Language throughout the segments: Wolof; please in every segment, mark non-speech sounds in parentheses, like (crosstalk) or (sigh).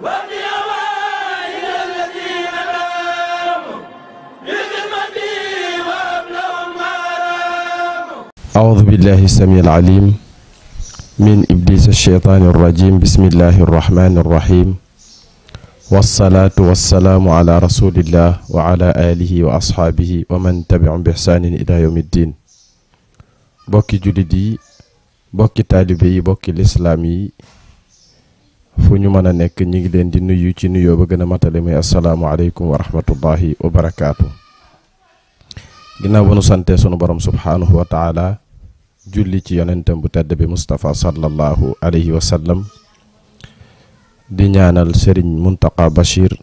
أعوذ بالله السميع العليم من إبليس الشيطان الرجيم بسم الله الرحمن الرحيم والصلاة والسلام على رسول الله وعلى آله وأصحابه ومن تبعهم بإحسان إلى يوم الدين بوكي جلدي بوكي طالبي بوكي الإسلامي fu ñu mën a nekk ñi ngi leen di nuyu ci nuyoo ba gën a matale muy asalaamualeykum wa rahmatullahi wa barakaatu. ba nu sante sunu borom subhaanahu wa julli ci yonentam bu tedd bi Moustapha sallallahu alayhi wa sallam di ñaanal Serigne Mountakha Bachir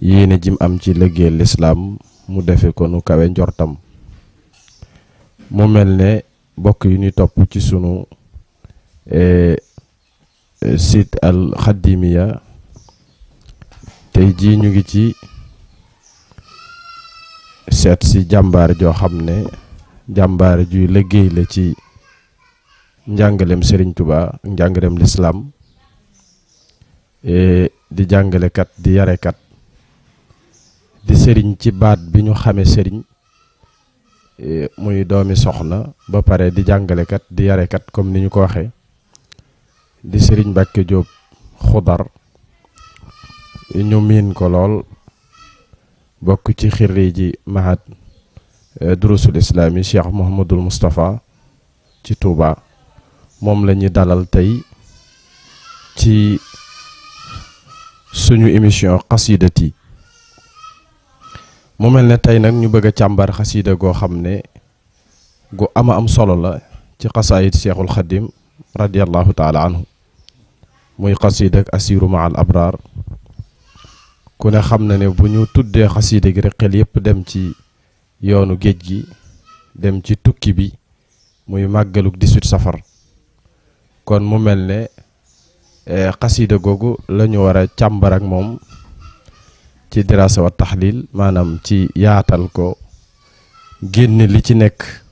yéene jim am ci liggéey lislaam mu defe ko nu kawe njortam mu mel ne bokk yu ñuy topp ci sunu. Eh, site al xaddimiya tey jii ñu ngi ci seet si jàmbaar joo xam ne jàmbaar juy liggéey la ci njàngalem Serigne Touba njàngalem lislaam eh, di jàngalekat di yarekat di sëriñ ci baat bi ñu xame sëriñ eh, muy doomi soxna ba pare di jàngalekat di yarekat comme ni ñu ko waxee di sëriñ Mbàkke Jóob xudar ñu miin ko lool bokk ci xirri ji mahad eh, durusul islaami cheikh mohamadul moustapha ci Touba moom la ñu dalal tey ci suñu émission xasidat yi mu mel ne tey nag ñu bëgg a càmbar xasida goo xam ne gu ama am solo la ci xasaayit cheikhul xadim رضي الله تعالى عنه موي قصيدك أسير مع الأبرار كنا خمنا نبنيو تد قصيدة غرق ليب دمتي يونو جيجي دمتي توكي بي موي مغلوك ديسوت سفر كون مملنا قصيدة غوغو لنو وراء چامبرك موم تي دراسة والتحليل مانام تي ياتالكو جيني لتي نك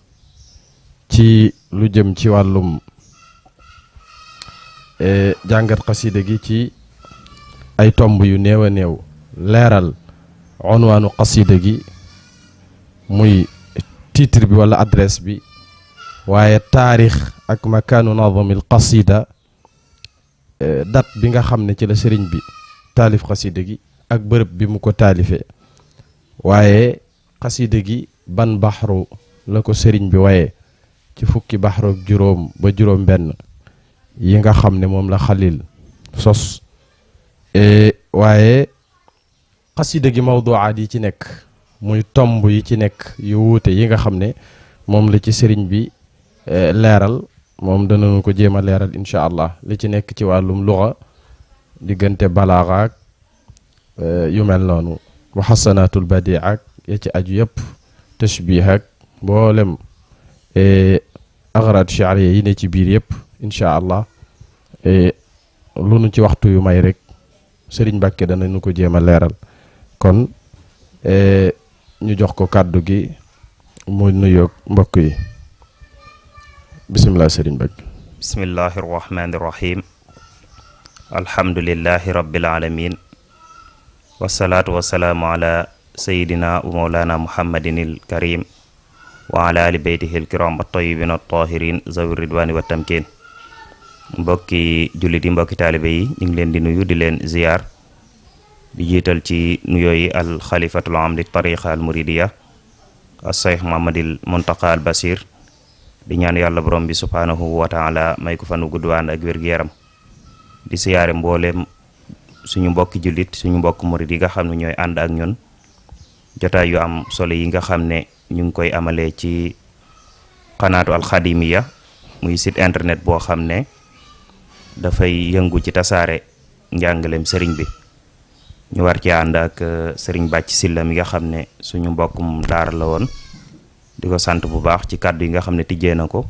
تي لجم تي والوم E, jàngat xasida gi ci ay tomb yu néew a néew leeral onwaanu xasida gi muy titre bi wala adresse bi waaye taarix ak makaanu nadamil xasida e, date bi nga xam ne ci la sëriñ bi taalif xasida gi ak bërëb bi mu ko taalifee waaye xasida gi ban baxru la ko sëriñ bi waaye ci fukki baxru juróom ba juróom benn yi nga xamne mom la khalil sos waye qasida gi mawdu'a di ci nek muy tombu yi ci nek yu wute yi nga xamne mom la ci serigne bi mom da danañu ko jema leral leeral allah li ci nekk ci wàllum luxa balagha ak yu mel wa hasanatul badia ak ya ci aju yep tashbihak bolem e axraat charia yi ne ci bir yep incha allah e, lu nu ci waxtu yu may rek Serigne Mbacke danañu ko jéem a leeral kon e, ñu jox ko kàddu gi mu nuyoog mbokk yi bisimilah sëriñ Mbacke. bismillahi rahmaani rahim alhamdulilahi rabbil alamin wasalaatu ali beytihi al kiram at zawi ridwani wa tamkin mbokki julit yi mbokki talibe yi ñing leen di nuyu di leen ziar di jital ci nuyo yi al Khalifatul amdi tariqa al muridiya al shaykh mamadil muntaqa al basir di ñaan yalla borom bi subhanahu wa taala may ko fanu guddwaan ak yaram di ziaré mbolem suñu mbokki julit suñu mbokk murid yi nga xamni ñoy and ak ñun hamne yu am solo yi nga xamne ñu koy ci al muy site internet bo xamne dafay yëngu ci tasaare njàngaleem sëriñ bi ñu war ci ànd ak euh, sëriñ Bàcc Silla mi nga xam ne suñu mbokkum daara la woon di ko sant bu baax ci kàddu yi nga xam ne tijjee na ko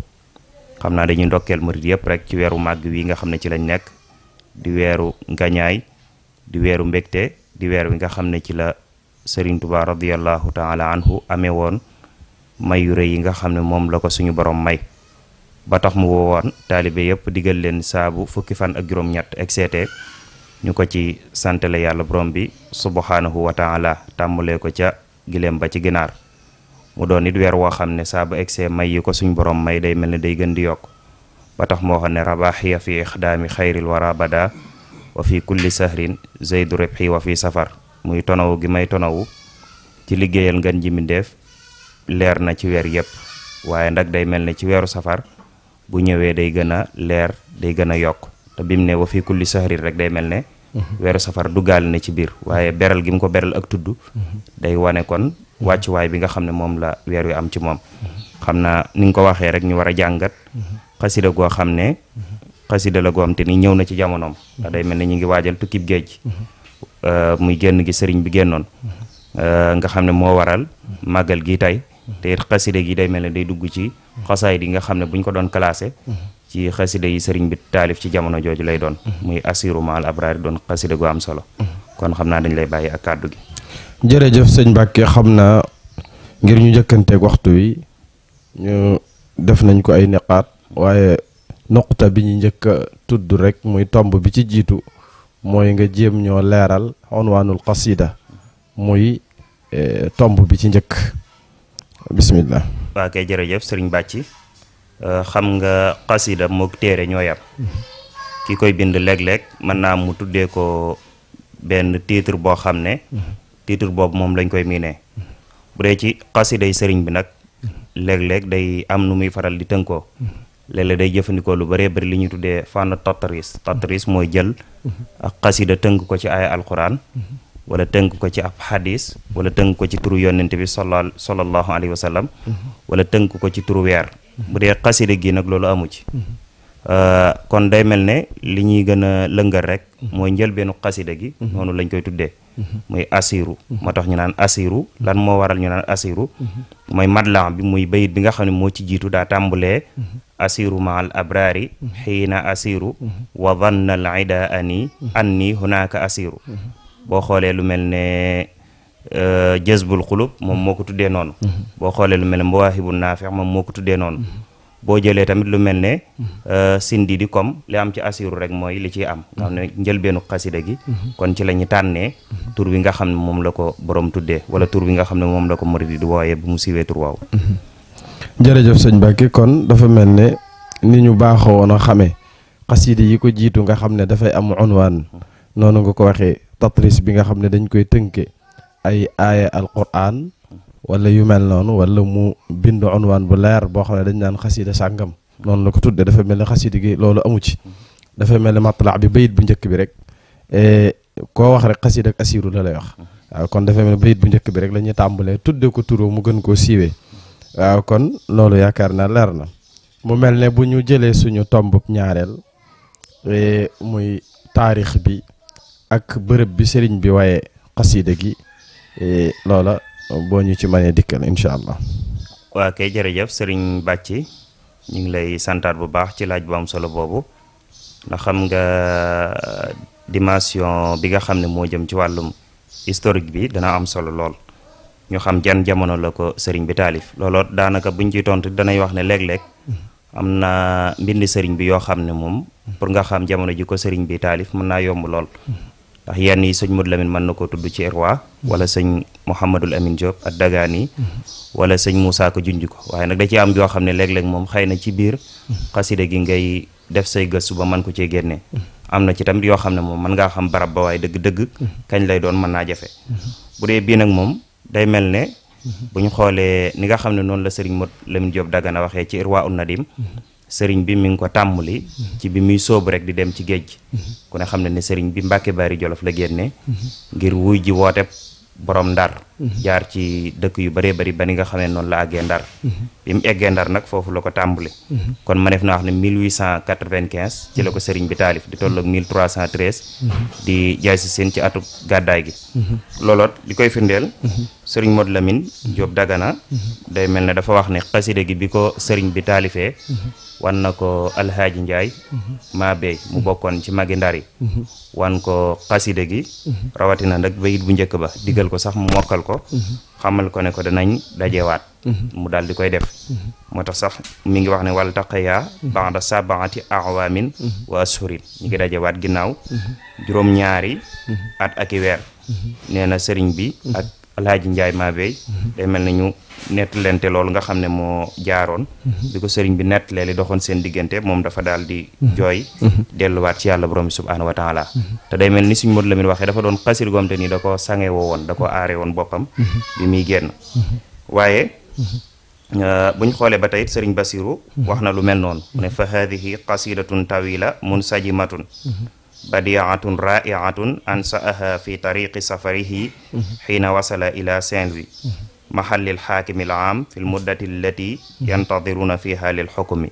xam naa dañuy ndokkeel murit yëpp rek ci weeru màgg wi nga xam ne ci lañ nekk di weeru ngañaay di weeru mbégte di weer wi nga xam ne ci la sëriñ Tuubaa radiyallahu taala anhu amee woon may yu yi nga xam ne moom la ko suñu boroom may ba tax mu woowoon taalibe yépp digal leen saabu fukki fan ak juróom-ñett ak seete ñu ko ci la yàlla borom bi subhanahu wa taala tàmmulee ko ca gileem ba ci ginaar mu doon it weer woo xam ne saabu egsee may yi ko suñ borom may day mel ne day gën di ba tax moo xam ne rabaxiya fi ixdaami xayril wara bada wa fi kulli sahrin zeydu ribxi wa fi safar muy tonawu gi may tonawu ci liggéeyal ngën ji mindeef leer na ci weer yépp waaye day mel ne ci weeru safar bu ñëwee day gën a leer day gën a yokk te bi mu ne wa fii kulli sahrin rek day mel ne mhm. weeru safar duggaale na ci biir waaye beral gi mu ko beral ak tudd mhm. day wane kon mhm. wàccuwaay bi nga xam ne moom la weer wi am ci moom xam naa ni nga ko waxee rek ñu war a jàngat xasida goo xam ne xasida la goo xam te ni ñëw na ci jamonoom day mel ne ñu ngi waajal tukkib géej euh, muy génn gi sëriñ bi génnoon euh, nga xam ne moo waral màggal gi tey te it xasida gi day mel ne day dugg ci xasaay di nga xam ne buñ ko doon classé mhm. ci xasida yi sëriñ bi taalif ci jamono jooju lay doon mhm. muy assiru maal abraari doon xasida gu am solo mhm. kon xam naa dañ lay bàyyi ak kàddu gi jërëjëf sëñ Mbàkke xam naa ngir ñu njëkkanteeg waxtu wi ñu def nañ ko ay neqaat waaye noqta bi ñu njëkk a tudd rek muy tomb bi ci jiitu mooy nga jéem ñoo leeral onwaanul qasida muy eh, tomb bi ci njëkk bismillah waa kay jërëjëf sëriñ bàcci euh, xam nga xasida moog téere ñoo yam ki koy bind léeg-léeg mën naa am mu tuddee ko benn titre boo xam ne titre boobu moom lañ koy miinee bu dee ci xasiday sëriñ bi nag léeg-léeg day am nu muy faral di tënkoo léeg-léeg day jëfandikoo lu bëree bëri li ñuy tuddee fànn tatris tatris mooy jël ak xasida tënk ko ci ay alxuraan wala tënk ko ci ab xadis wala tënk ko ci turu yonent bi sala sallallahu alayhi wa sallam wala tënk ko ci turu weer bu dee xasida gi nag loolu amu ci euh, kon day mel ne li ñuy gën a lëngal rek mooy njël njëlbeenu xasida gi noonu lañ koy tuddee muy asiru moo tax ñu naan asiru lan moo waral ñu naan asiru mooy madlan bi muy bayit bi nga xam ne moo ci jiitu daa tàmbalee asiru ma al abrari xiina asiru wa dhanna al ida ani anni hunaka boo xoolee lu mel ne euh, jazbul xulub moom moo ko tuddee noonu mm-hmm. boo xoolee lu mel ne mawaahibu naafix moom moo ko tuddee noonu mm-hmm. boo jëlee tamit lu mel ne mm-hmm. euh, sindi di comme li am ci asiru rek mooy li ciy am nga xam ne njëlbeenu xasida gi kon ci la ñu tànnee tur bi nga xam moom la ko borom tuddee wala tur bi nga xam ne moom la ko murid di wooyee bu mu siwee tur waaw kon dafa mel ne ni ñu baaxoo woon a xamee xasida yi ko jiitu nga xam ne dafay am unwaan noonu nga ko waxee tatris bi nga xam ne dañ koy tënke ay aaya alquran wala yu mel noonu wala mu bind unwaan bu leer boo xam ne dañ naan xasida sàngam noonu la ko tudde dafa mel ne xasida gi loolu amu ci dafay mel ne matlaa bi bayit bu njëkk bi rek e, koo wax rek xasida ak asiru la lay wax waaw kon dafa mel ne bayit bu njëkk bi rek la ñuy tàmbalee tudde ko turo mu gën koo siiwee kon loolu yaakaar naa leer na mu mel ne bu ñu jëlee suñu tomb ñaareel e, muy taarix bi ak bërëb bi sëriñ bi waaye qasida gi e, loola bo ñu ci mané dikkal inshallah allah. waa kay jërëjëf sëriñ bacci ñi ngi lay santat bu baax ci laaj bu am solo bobu ndax xam nga euh, dimension bi nga xam mo jëm ci walum historique bi dana am solo lool. ñu xam jan jamono la ko sëriñ bi taalif looloo daanaka buñ ci tontu danay wax ne léeg-léeg am na serigne bi yo xamne mom pour nga xam jamono ji ko serigne bi talif mën na yomb lol ndax yenn yi sëñ Modou Lamine mën na ko tudd ci Irwa wala sëñ Mouhamadul Amine Diop ak Dagaani wala sëñ Moussa ko junj ko waaye nag da ci am yoo xam ne léeg-léeg moom xëy na ci biir xasida gi ngay def say gëstu ba mën ko cee génne am na ci tamit yoo xam ne moom mën ngaa xam barab ba waaye dëgg-dëgg kañ lay doon mën naa jafe bu dee bii nag moom day mel ne bu ñu xoolee ni nga xam ne noonu la sëriñ Modou Lamine Diop na waxee ci Irwa un Nadim sëriñ bi mu ngi ko tàmmali ci bi muy soobu rek di dem ci géej gi mhm. ku xam ne ne sëriñ bi Mbàkke Bari Jolof la génne mhm. ngir wuy ji woote borom ndar mhm. jaar ci dëkk yu bëree bëri bari nga xamee noonu la àggee ndar bi mu eggee ndar nag foofu la ko tàmbali kon ma def naa wax ne 1895 ci la ko sëriñ bi taalif di cent 1313 di jaay si seen ci atu gàddaay gi looloot li koy firndeel sëriñ la Lamine Diop Dagana day mel ne dafa wax ne xasida gi bi ko sëriñ bi taalifee wan na ko alhaaji Njaay maa beey mu bokkoon ci magi ndar yi wan ko xasida gi rawatina nag bayit bu njëkk ba digal ko sax mu mokkal ko xamal ko ne ko daje waat mu daal di koy def moo tax sax mu ngi wax ne wal taqayaa ba'da sab'ati a'waamin wa ashhurin ñu ngi dajewaat ginnaaw juróom-ñaari at ak weer nee sëriñ bi ak alhaaji njaay Mabey mhm. day mel na ñu nettalente loolu nga xam ne moo jaaroon mhm. bi ko sëriñ bi nettalee li doxoon seen diggante moom dafa daal di mhm. jooy delluwaat ci yàlla borom bi subhaanahu wa taala te day mel ni suñ la Lamine waxee dafa doon xasir gomte nii da ko sange woon da ko aare woon boppam bi muy génn waaye euh, bu ñu xoolee ba tey sëriñ Basiru wax na lu mel noon noonu mu ne fa haadihi qasidatun saji munsajimatun بديعة رائعة أنسأها في طريق سفره حين وصل إلى سانوي محل الحاكم العام في المدة التي ينتظرون فيها للحكم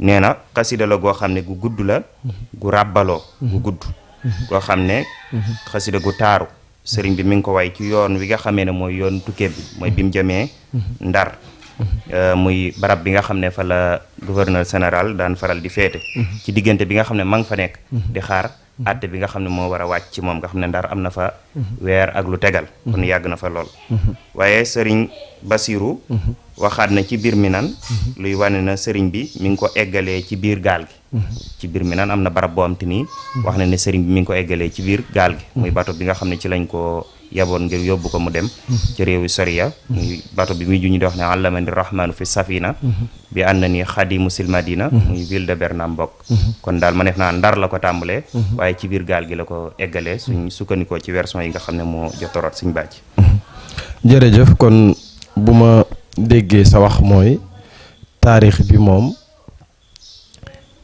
نينا قصيدة لغو خامنة غو قدولا غو ربالو غو قدو غو خامنة قصيدة غو تارو سرين بمينكو وايكيو يون ويغا خامنة مو يون توكيب مو بيمجمي ندار Euh, muy barab bi nga xam ne fa la gouverneur général daan faral di féete mhm. ci diggante bi nga xam ne ma ngi fa nekk mhm. di xaar àtte bi nga xam ne moo war a wàcc ci moom nga xam ne ndar am na fa mhm. weer ak lu tegal kon yàgg na fa lool waaye sëriñ Basiru waxaat na ci biir Minane luy wane na sëriñ bi mu ngi ko eggalee ci biir gaal gi ci biir Minane am na barab boo am te wax na ne sëriñ bi mi ngi ko eggalee ci biir gaal gi muy bato bi nga xam ne ci lañ ko yaboon ngir yóbbu ko mu dem ci réewi soriya muy bato bi muy juñu di wax ne àllamani rahmaanu fi safina bi ànd na ni xadimu silmadina muy ville de Bernam kon daal ma neef naa ndar la ko tàmbalee waaye ci biir gaal gi la ko eggalee suñ sukkandikoo ci version yi nga xam ne moo jotoroot suñ bàcc jërëjëf kon bu ma déggee sa wax mooy taarix bi moom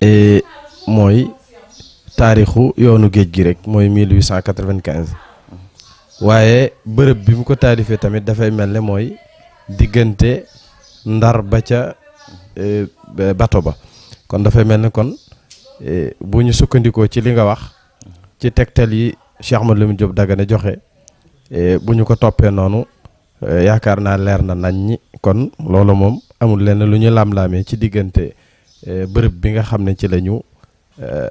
e, mooy taarixu yoonu géej gi rek mooy 1895 waaye bërëb bi mu ko taalifee tamit dafay mel ne mooy diggante ndar ba ca eh, bato ba kon dafay mel ne kon eh, bu ñu sukkandikoo ci li nga wax ci tegtal yi Cheikh Ahmadou Lamine Diop Dagana joxe eh, bu ñu ko toppee noonu yaakaar naa leer na nañ ñi kon loolu moom amul lenn lu ñu laam-laamee ci diggante bërëb bi nga xam ne ci la ñu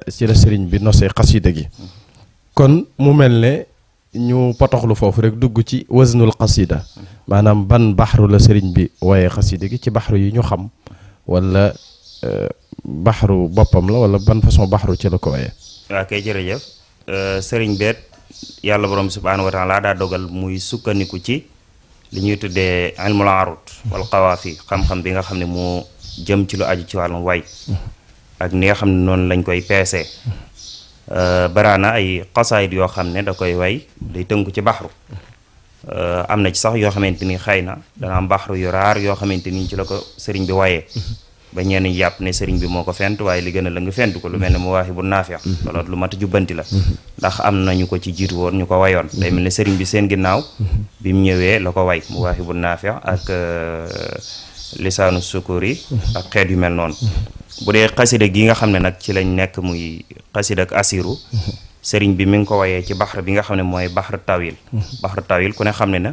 ci la sëriñ bi nosee xasida gi kon mu mel ne ñu potoxlu foofu rek dugg ci waznul xasida maanaam ban baxru la sëriñ bi waye xasida gi ci baxru yi ñu xam wala euh, baxru boppam la wala ban façon baxru ci la ko waaye waaw kay jërëjëf euh, sëriñ beet yàlla borom subhaanahu wa taala daa dogal muy sukkandiku ci li ñuy tuddee ilmul arut wal xawaafi xam-xam bi nga xam ne moo jëm ci lu aju ci wàllum way ak ni nga xam ne noonu lañ koy peesee Euh, baraana ay xasaayit yoo xam ne da koy way day tënku ci baxru euh, am na ci sax yoo xamante ni xëy na dana am baxru yu raar yoo xamante ni ci la ko sëriñ bi wayee ba ñenn yàpp ne sëriñ bi moo ko fent waaye li gën a la nga fent ko lu mel ne mu waaxi bu naafeex loolu lu mat a jubbanti la ndax am na ñu ko ci jiitu woon ñu ko wayoon day mel ne sëriñ bi seen ginnaaw bi mu ñëwee la ko way mu waaxi bu naafee ak euh, lisaanu sukuri ak xeet yu mel noonu bu dee xasida gi nga xam ne nag ci lañ nekk muy xasida ak sëriñ bi mi ngi ko wayee ci baxar bi nga xam ne mooy baxar tawil baxar tawil ku ne xam ne na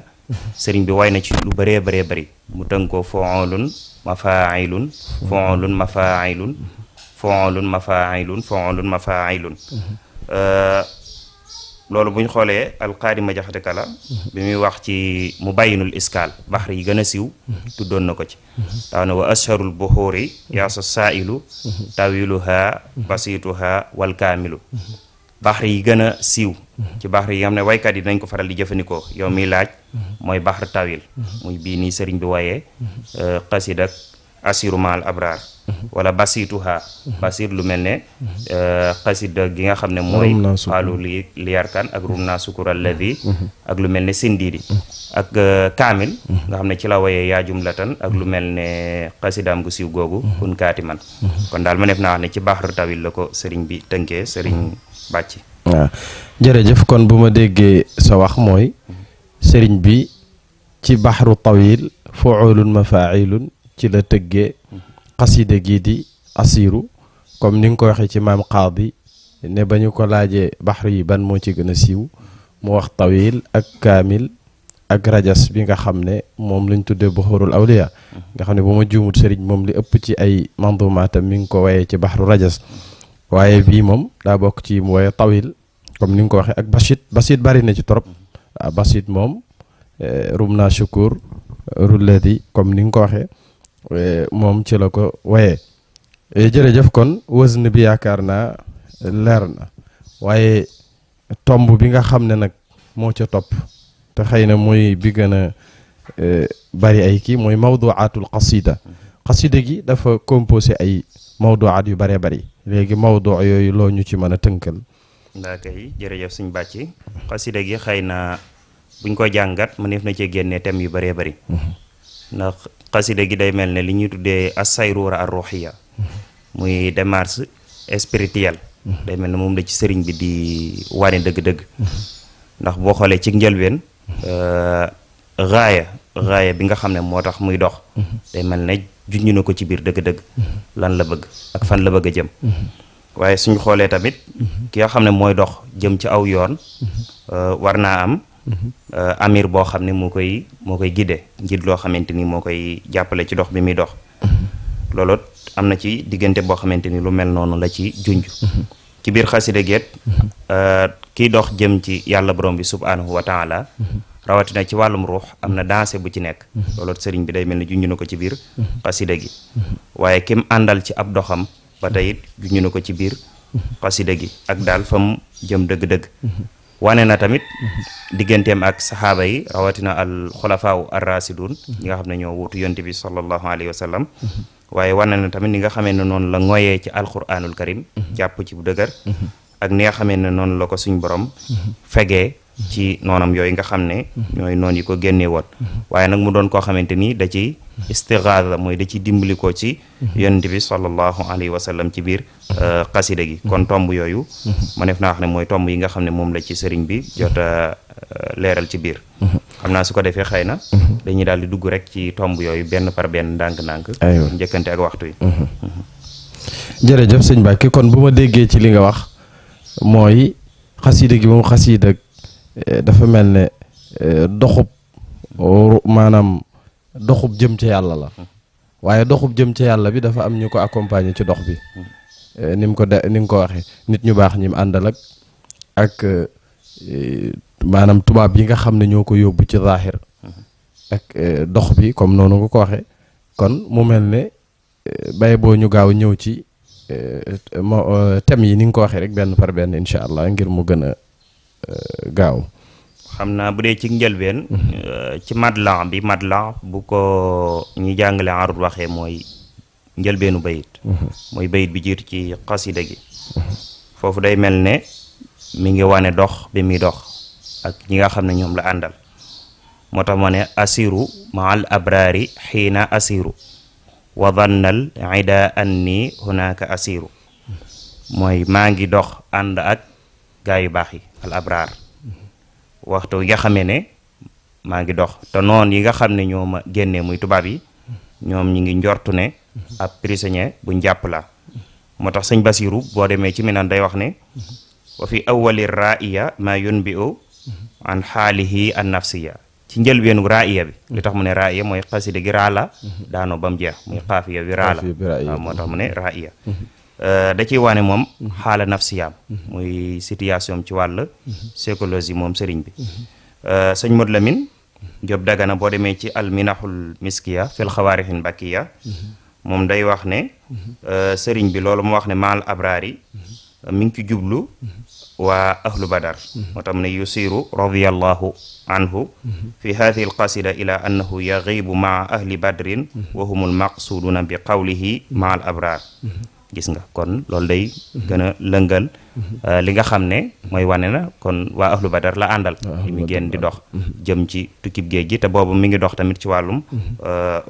sëriñ bi way na ci lu bëree bëree bëri mu tënk ko foolun mafailun foolun mafailun foolun mafailun foolun mafailun uhuh. euh, loolu bu ñu xoolee alqaadima jaxate kala bi muy wax ci mu bàyyinul iskaal baxar yi gën a siiw tuddoon na ko ci daaw ne wa asharul buxuuri yaasa saailu tawiluha yi gën a siiw ci baxar yi xam ne waykat yi dañ ko faral di jëfandikoo yow miy laaj mooy baxar tawil muy bii nii sëriñ bi wayee euh, xasid ak asiru abraar wala basituha basir eh, mm-hmm. mm-hmm. lu melne ne xasida gi nga xamne ya mm-hmm. ne mooy xaalu li liyarkan ak rumna sukur alladhi ak lu melne ne ak kamil nga xamne ci la waye ya jumlatan ak lu melne qasidam gu siw gogu kun katiman man kon dal manef na naa wax ne ci baaxru tawil lako serigne bi tënkee serigne bacci jere jef kon buma dege sa wax moy serigne bi ci baxru tawil fuulun mafailun ci la xasida gii di asiru comme ni nga ko waxee ci maam xaadi ne ba ñu ko laajee baxru yi ban moo ci gën a siiw mu wax tawil ak kaamil ak rajas bi nga xam ne moom lañ tuddee buxurul awliya nga xam ne bu ma juumut sëriñ moom li ëpp ci ay mandumaatam mi ngi ko wayee ci baxru rajas waaye bii moom daa bokk ci mu woye tawil comme ni nga ko waxee ak basit basit bari na ci trop ah, basit moom eh, rumna shukur rulladi comme ni nga ko waxee Eh, moom ci la ko waaye eh, jërëjëf kon wësn bi yaakaar naa leer na waaye tomb bi nga xam ne nag moo ca topp te xëy na mooy bi gën a eh, bari ay kii mooy atul qasida qasida gi dafa composé ay at yu bëree bari léegi mawduu yooyu loo ñu ci mën a tënkal ndaa kay jërëjëf suñ bàcci xasida gi xëy na buñ ko jàngat mën mëneef na cee génnee thème yu bëree bari mm-hmm. ndax xasida gi day mel ne li ñuy tuddee asayruura ar ruhiya muy démarche spirituelle day mel ne moom la ci sëriñ bi di wane dëgg-dëgg ndax boo xoolee ci njëlbeen euh, raaya raaya bi nga xam ne moo tax muy dox day mel ne juññu na ko ci biir dëgg-dëgg lan la bëgg ak fan la bëgg a jëm waaye suñu xoolee tamit ki nga xam ne mooy dox jëm ci aw yoon euh, war naa am Euh, amir boo xam ne moo koy moo koy gide njiit loo xamante ni moo koy jàppale ci dox bi muy dox loolu am na ci diggante boo xamante ni lu mel noonu la ci junj ci biir xasida geet euh, kiy dox jëm ci yàlla borom bi subhanahu wa taala rawatina ci wàllum ruux am na danse bu ci nekk loolu sëriñ bi day mel ni junj na ko ci biir xasida gi waaye kim àndal ci ab doxam ba tey it junj na ko ci biir xasida gi ak daal fa jëm dëgg-dëgg wane na tamit digentem ak sahaba yi rawatina al khulafau rasidun yi nga xamne ñoo wuutu yonte bi sallallahu alayhi wasallam waye wane na tamit ni nga xamne non la ngoyé ci qur'anul karim japp ci bu deugar ak ni nga xamne non la ko suñ borom fegee ci nonam yoy nga xamne ñoy non yi ko genné wat waye nak mu doon ko xamanteni da ci istigaada moy da ci ko ci yonent bi sallallahu alayhi wasallam ci bir Euh, xasida gi kon tomb yooyu ma neef naa wax ne mooy tomb yi nga xam ne moom la ci sëriñ bi jot euh, leeral ci biir xam naa su ko defee xëy na dañuy daal di dugg rek ci tomb yooyu benn par benn ndànk-ndànk njëkkante ak waxtu yi mhm. jërëjëf sëñ Mbacke kon bu ma déggee ci li nga wax mooy xasida gi moom xasida euh, dafa mel ne doxub maanaam doxub jëm ci yàlla la mhm. waaye doxub jëm ci yàlla bi dafa am ñu ko accompagner ci dox bi mhm. Eh, ni mu ko de ni nga ko waxee nit ñu baax ñi mu àndal ak ak eh, maanaam tubaab yi nga xam ne ñoo ko yóbbu ci zaahir ak eh, dox bi comme noonu nga ko waxee kon mu mel ne bay boo ñu gaaw ñëw ci thèmes yi ni nga ko waxee rek benn par benn incha allah ngir mu gën a gaaw. xam naa bu dee ci njëlbeen. Mhm. ci madlan bi madlan bu ko ñi jàngale arut waxee mooy. njëlbeenu bayit mhm. mooy bayit bi jiitu ci xasida gi foofu day mel ne mi ngi wane dox bi muy dox ak ñi nga xam ne ñoom la àndal moo tax ma ne asiru maal abraari xiina asiru mooy maa ngi dox ànd ak gaa yu baax yi al abraar waxtu yi nga ne maa ngi dox te noon yi nga xam ne ñoo ma génnee muy tubaab yi ñoom ñu ngi njortu ne ab prisonnier bu ñiap la motax seigne basirou Basiru démé ci minan day wax ne wa fi awwalir ra'iya ma yunbi'u an halihi an nafsiya ci wénu ra'iya bi li tax mu né ra'iya moy qasida gi raala daano bam jeex muy qafiya wi raala motax mu né ra'iya euh da ci wané mom hala nafsiya muy situation ci wal psychologie mom sëriñ bi euh seigne modlamine Job Dagana bo démé ci minahul miskiya fil xawaarixin bakiya mom day wax ne euh, serigne bi lolou mu wax ne mal abrari euh, mi ngi ci jublu wa ahlu badar motam ne yusiru radiyallahu anhu fi hadhihi alqasida ila annahu yaghibu ma ahli badrin wa humul maqsuuduna bi qawlihi mal abrar gis nga kon lolou day gëna leungal euh, li nga xamne ne wane na kon wa ahlu badar la andal mi gën di dox jëm ci tukib geejgi te bobu mi ngi dox tamit ci walum euh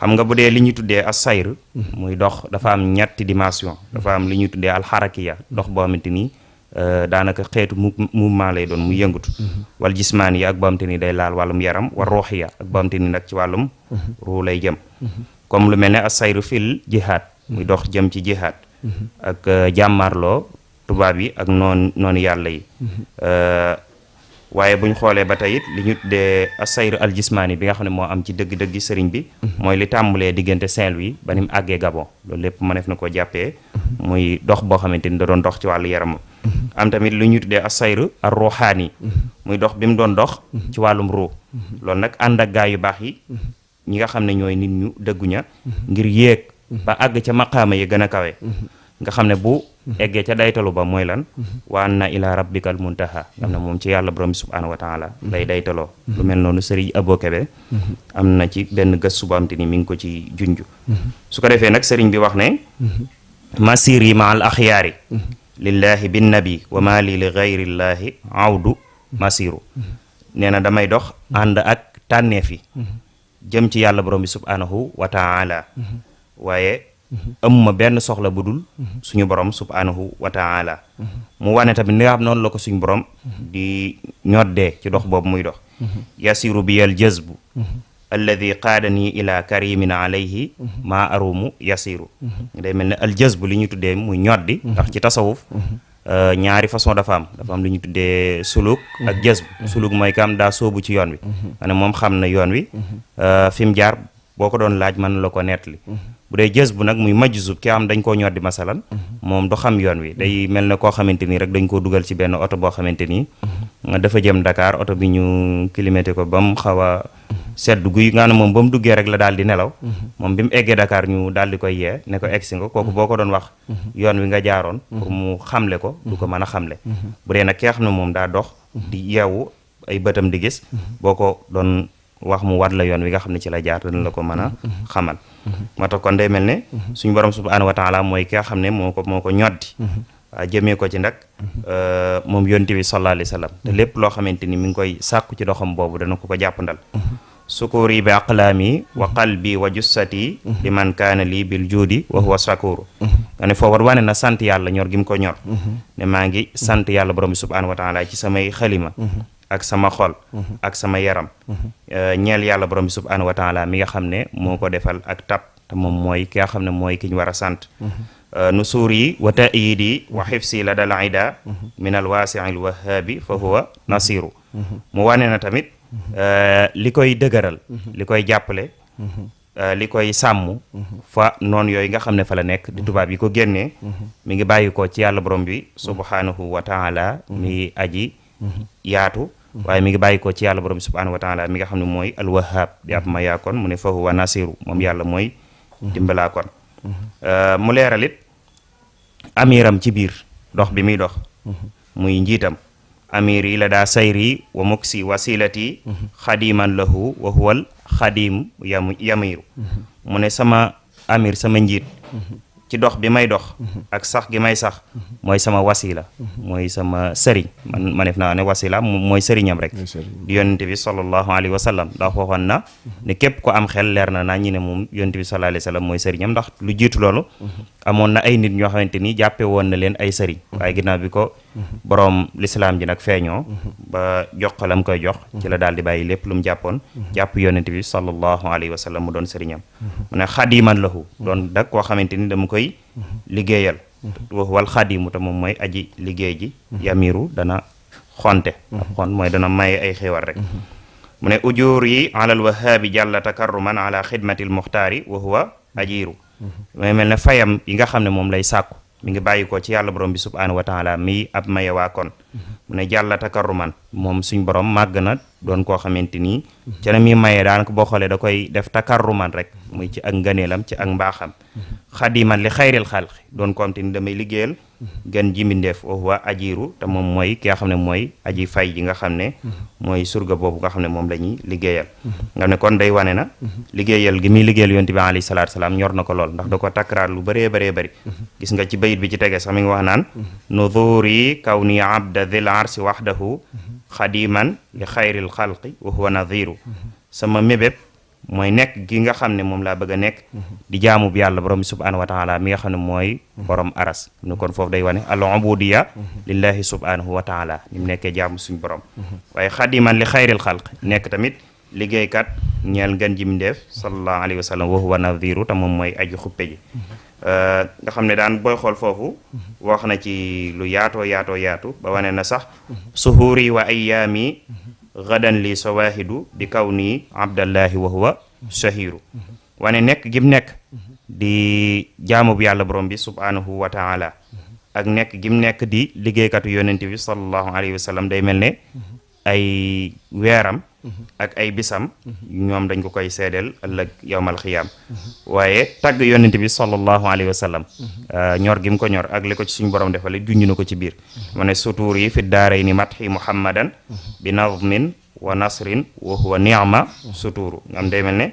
xam nga budé liñu tuddé ñuy tuddee asayr muy dox dafa am ñetti dimension dafa am liñu tuddé al-harakiya dox boo xamante ni euh, daanaka xeetu mouvement lay doon mu yëngatu wal jismani ak bo xamanteni day laal walum yaram war ruhiya ak bo xamanteni nak ci walum ruu lay jëm comme lu fil jihad, muy dox jëm ci jihad ak euh, jamarlo tuba bi ak non non yalla yi euh, waaye bu ñu xoolee ba tey li ñu tuddee asayru aljismaani bi nga xam ne moo am ci dëgg-dëgg sëriñ bi. mooy li tàmbalee diggante saint wi ba ni mu àggee Gabon loolu lépp mëneef na koo jàppee. muy dox boo xamante ni da dox ci wàllu yaram. am lu ñu tuddee asayru ar ruuxaani muy dox bi mu doon dox. ci wàllum ruu. loolu nag ànd ak gaa yu baax yi. ñi nga xam ne ñooy nit ñu dëgguña ngir yéeg. ba àgg ca maqaama yi gën a kawe. nga xam ne bu Mhm. egge ca daytalu ba moy lan mhm. wa anna ila rabbikal muntaha mhm. amna na ci yalla borom subhanahu wa taala lay daytaloo lu mel nonu serigne Abo Kebe amna na ci ben gëstu subam tini ni mi ngi ko ci junju su ko defé nak serigne bi wax ne masir maal ma al lillahi bin nabi wa ma li llahi audu masiru neena na damay dox and ak tanefi jëm ci yalla borom subhanahu wa taala waye amuma benn soxla bu dul suñu borom subhanahu wa taala mu wane tamit ni nga xam noonu la ko suñu borom di ñoddee ci dox boobu muy dox yasiru biyal jazbu alladi qaadani ila karimin alayhi ma arumu yasiru day mel ne al jazbu li ñu tuddee muy ñoddi ndax ci tasawuf euh, ñaari façon dafa am dafa am lu tuddee suluk ak jazb suluk mooy kam daa soobu ci yoon wi maanaam moom xam na yoon wi euh, fi mu jaar boo ko doon laaj man la ko nettali bu dee jës bu nag muy majjusub ki am dañ koo ñor di masalan moom du xam yoon wi day mel na koo xamante nii rek dañ koo dugal ci benn oto boo xamante nii dafa jëm Dakar oto bi ñu climaté ko ba mu xaw a sedd guy nga ne moom ba mu duggee rek la daal di nelaw moom bi mu eggee dakaar ñu daal di koy yee ne ko eggsi nga kooku boo ko doon wax yoon wi nga jaaroon pour mu xamle ko du ko mën a xamle bu dee nag ki nga moom daa dox di yeewu ay bëtam di gis boo ko wax mu war la yoon wi nga xam ne ci la jaar dana la ko mën a mm-hmm. Mm-hmm. xamal mm-hmm. moo tax kon day mel ne suñu borom subhaanahu wa taala mooy ki nga xam ne moo ko moo ko ñoddi waaw jëmee ko ci nag euh, moom yonte bi sallallahu alayhi wa lépp loo xamante ni mi ngi koy sàkku ci doxam boobu dana ko ko jàppandal sukuuri bi aqlaami wa qalbi wa jussati li man kaana lii bil juudi wa huwa sakuru nga ne foofu wane na sant yàlla ñor gi mu ko ñor ne maa ngi sant yàlla borom bi subhaanahu wa taala ci samay xalima ak sama xol mhm. ak sama yaram mhm. euh, ñeel yàlla borom bi subhaanahu wa mi nga xam ne moo ko defal ak tab te moom mooy ki nga xam ne mooy ki ñu war a sant mhm. euh, nu suur yi wa tayiid di wa si la dal ida min al waasiil wahaabi fa huwa nasiru mu wane na tamit euh, li koy dëgëral li koy jàppale li koy sàmm fa noonu yooyu nga xam ne fa la nekk di tubaab yi ko génnee mi ngi bàyyi ko ci yàlla borom bi subhaanahu wa taala mi aji yaatu waaye mi ngi bàyyi ko ci yàlla borom subhaanahu wa taala mi nga xam ne mooy alwahaab di ab ma yaakoon mu ne fa huwa nasiru moom yàlla mooy dimbalaakoon euh, mu leeral amiram ci biir dox bi muy dox muy njiitam amir yi la daa sayri wa muksi wasilati xadiman lahu wa huwal xadim yamiru mu ne sama amir sama njiit ci dox bi may dox mhm. ak sax gi may sax mhm. mooy sama wasila mhm. mooy sama sëriñ man ma def naa ne wasila mooy sëriñam rek di yonente bi sallallahu alayhi wa sallam ndax waxoon na ne képp ko am xel leer na naa ñi ne moom yonente bi sallallahu alayhi wa mooy sëriñam ndax lu jiitu loolu amoon na ay nit ñoo xamante ni jàppee woon na leen ay sëriñ waaye ginnaaw bi ko boroom lislaam ji nag feeñoo ba jox ko koy jox ci la daal di bàyyi lépp lu mu jàppoon jàpp yonente bi sallallahu alayhi wa sallam mu doon sëriñam mu ne xadiman lahu doon dag koo xamante ni dama koy liggéeyal wal xadimu te moom mooy aji liggéey ji yamiru dana xonte ak xont mooy dana maye ay xéewal rek mu ne ujuur yi alal wahaabi jàlla takarruman ala xidmati l muxtaari wa huwa ajiru mooy mel ne fayam yi nga xam ne moom lay sàkku mi ngi bàyyi ko ci yàlla borom bi subhanahu wa taala mii ab maye waa kon mu ne jàlla takaruman moom suñ borom màgg na doon koo xamante ni ca na mi maye daanaka boo xoolee da koy def takaruman rek muy ci ak nganeelam ci ak mbaaxam xadiman li xayril xalqi doon ko am ni damay liggéeyal gën def wa ajiru te moom mooy ki nga xam ne aji fay ji nga xam ne surga boobu nga xam ne moom la nga ne kon day wane na liggéeyal gi muy liggéeyal yonte bi alayhi salaatu salaam ñor na ko lool ndax da ko takkaraar lu bëree bëree bëri gis nga ci bayit bi ci tege sax mi ngi wax naan kawni abda ذي العرش وحده خديما لخير الخلق وهو نظير سما ميبب موي نيك جيغا خامني موم لا بغا نيك دي جامو بي الله بروم سبحانه وتعالى ميغا خامني موي بروم ارس نكون كون فوف داي واني العبوديه لله سبحانه وتعالى نيم نيك جامو سوني بروم واي خديما لخير الخلق نيك تاميت kat ñal gan jim def sallallahu alaihi wasallam. wa huwa nadhiru tam moy mooy aji xuppe ji euh, nga xamne daan boy xol fofu wax na ci lu yaato yaato yaatu ba wané na sax suhuri wa ayami gadan li sawahidu bi kaw nii wa huwa shahiru wané nek gim nek di jaamu bi yalla borom bi subhanahu wa taala ak nek gim nek di liggey kat yonentibi sallallahu alaihi wasallam. sallam day mel ne ay ak ay bisam ñoom dañ ko koy seedeel ëllëg yowmal xiyaam waaye tàgg yonent bi sallallahu alayhi wa sallam euh, ñor gim ko ñor ak li ko ci suñu borom defale junj na ko ci biir mu ne sutuur yi fi daaray ni matxi muhammadan bi nazmin wa nasrin wa huwa ni'ma sutuuru nga am day mel ne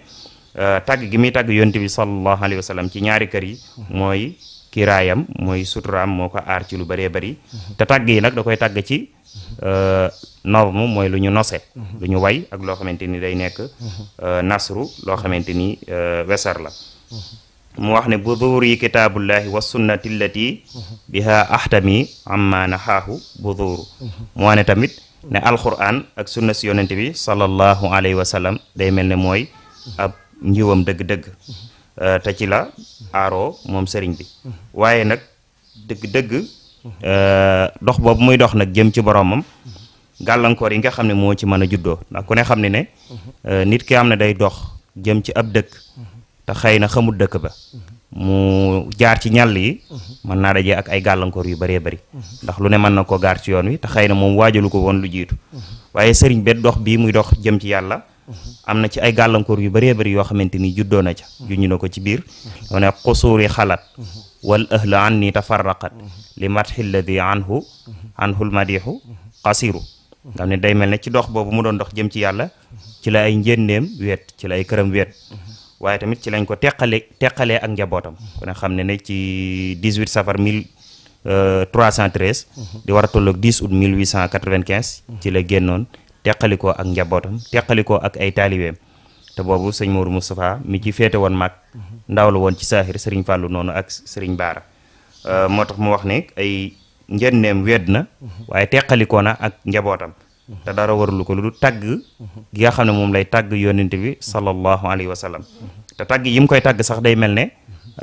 euh, tàgg gi muy tàgg yonent bi sallallahu alayhi wa sallam ci ñaari kër yi mooy kiraayam mooy suturaam moo ko aar ci lu bëree bëri te tàgg yi nag da koy tàgg ci euh, norme mooy lu ñu nose mhm. lu ñu way ak loo xamante ni day nekk mhm. euh, nasru loo xamante ni euh, wesar la mhm. mu wax ne buduuri kitaabullahi wa sunnati allati biha ahtami amma naxaahu buduuru moo ne tamit ne alquran ak sunna si yonente bi sallallahu alayhi wa day mel ne mooy ab njiwam dëgg-dëgg euh, te ci la aaro moom sëriñ bi waaye nag dëgg-dëgg dox boobu muy dox nag jëm ci boromam galankor yi nga xamne mo ci mën juddo nak ndax ku ne xamne ne euh, nit ki am day dox jëm ci ab dekk ta xeyna na dekk ba mu jaar ci ñàll yi man na dajé ak ay galankor yu bari bari ndax lu ne man na gar ci yoon wi ta xeyna na moom waajalu ko won lu jitu waye serigne bet dox bi muy dox jëm ci yalla am na ci ay galankor yu bari bari yo xamanteni ni na ca juñu na ko ci bir doo ne xusuuri wal ahlu anni tafarraqat limathil ladhi anhu al madihu qasiru nga xam ne day mel ne ci dox boobu mu doon dox jëm ci yàlla ci la ay njëndeem weet ci la ay këram weet waaye tamit ci lañ ko teqale teqalee ak njabootam ku ne xam ne ne ci 18 safar 1313 euh, di war a tolloog 10 août 1895 ci la génnoon teqalikoo ak njabootam teqalikoo ak ay taalibeem te boobu sëñ Mourou Moustapha mi ci féete woon mag ndaw la woon ci saaxir sëriñ Fàllu noonu ak sëriñ Baara euh, moo tax mu wax ne njënneem wedd na waaye teqalikoo na ak njabootam te dara warulu ko lu du tàgg gi xam ne moom lay tàgg yonent bi sallallahu alayhi wa sallam te tàgg yi mu koy tàgg sax day mel ne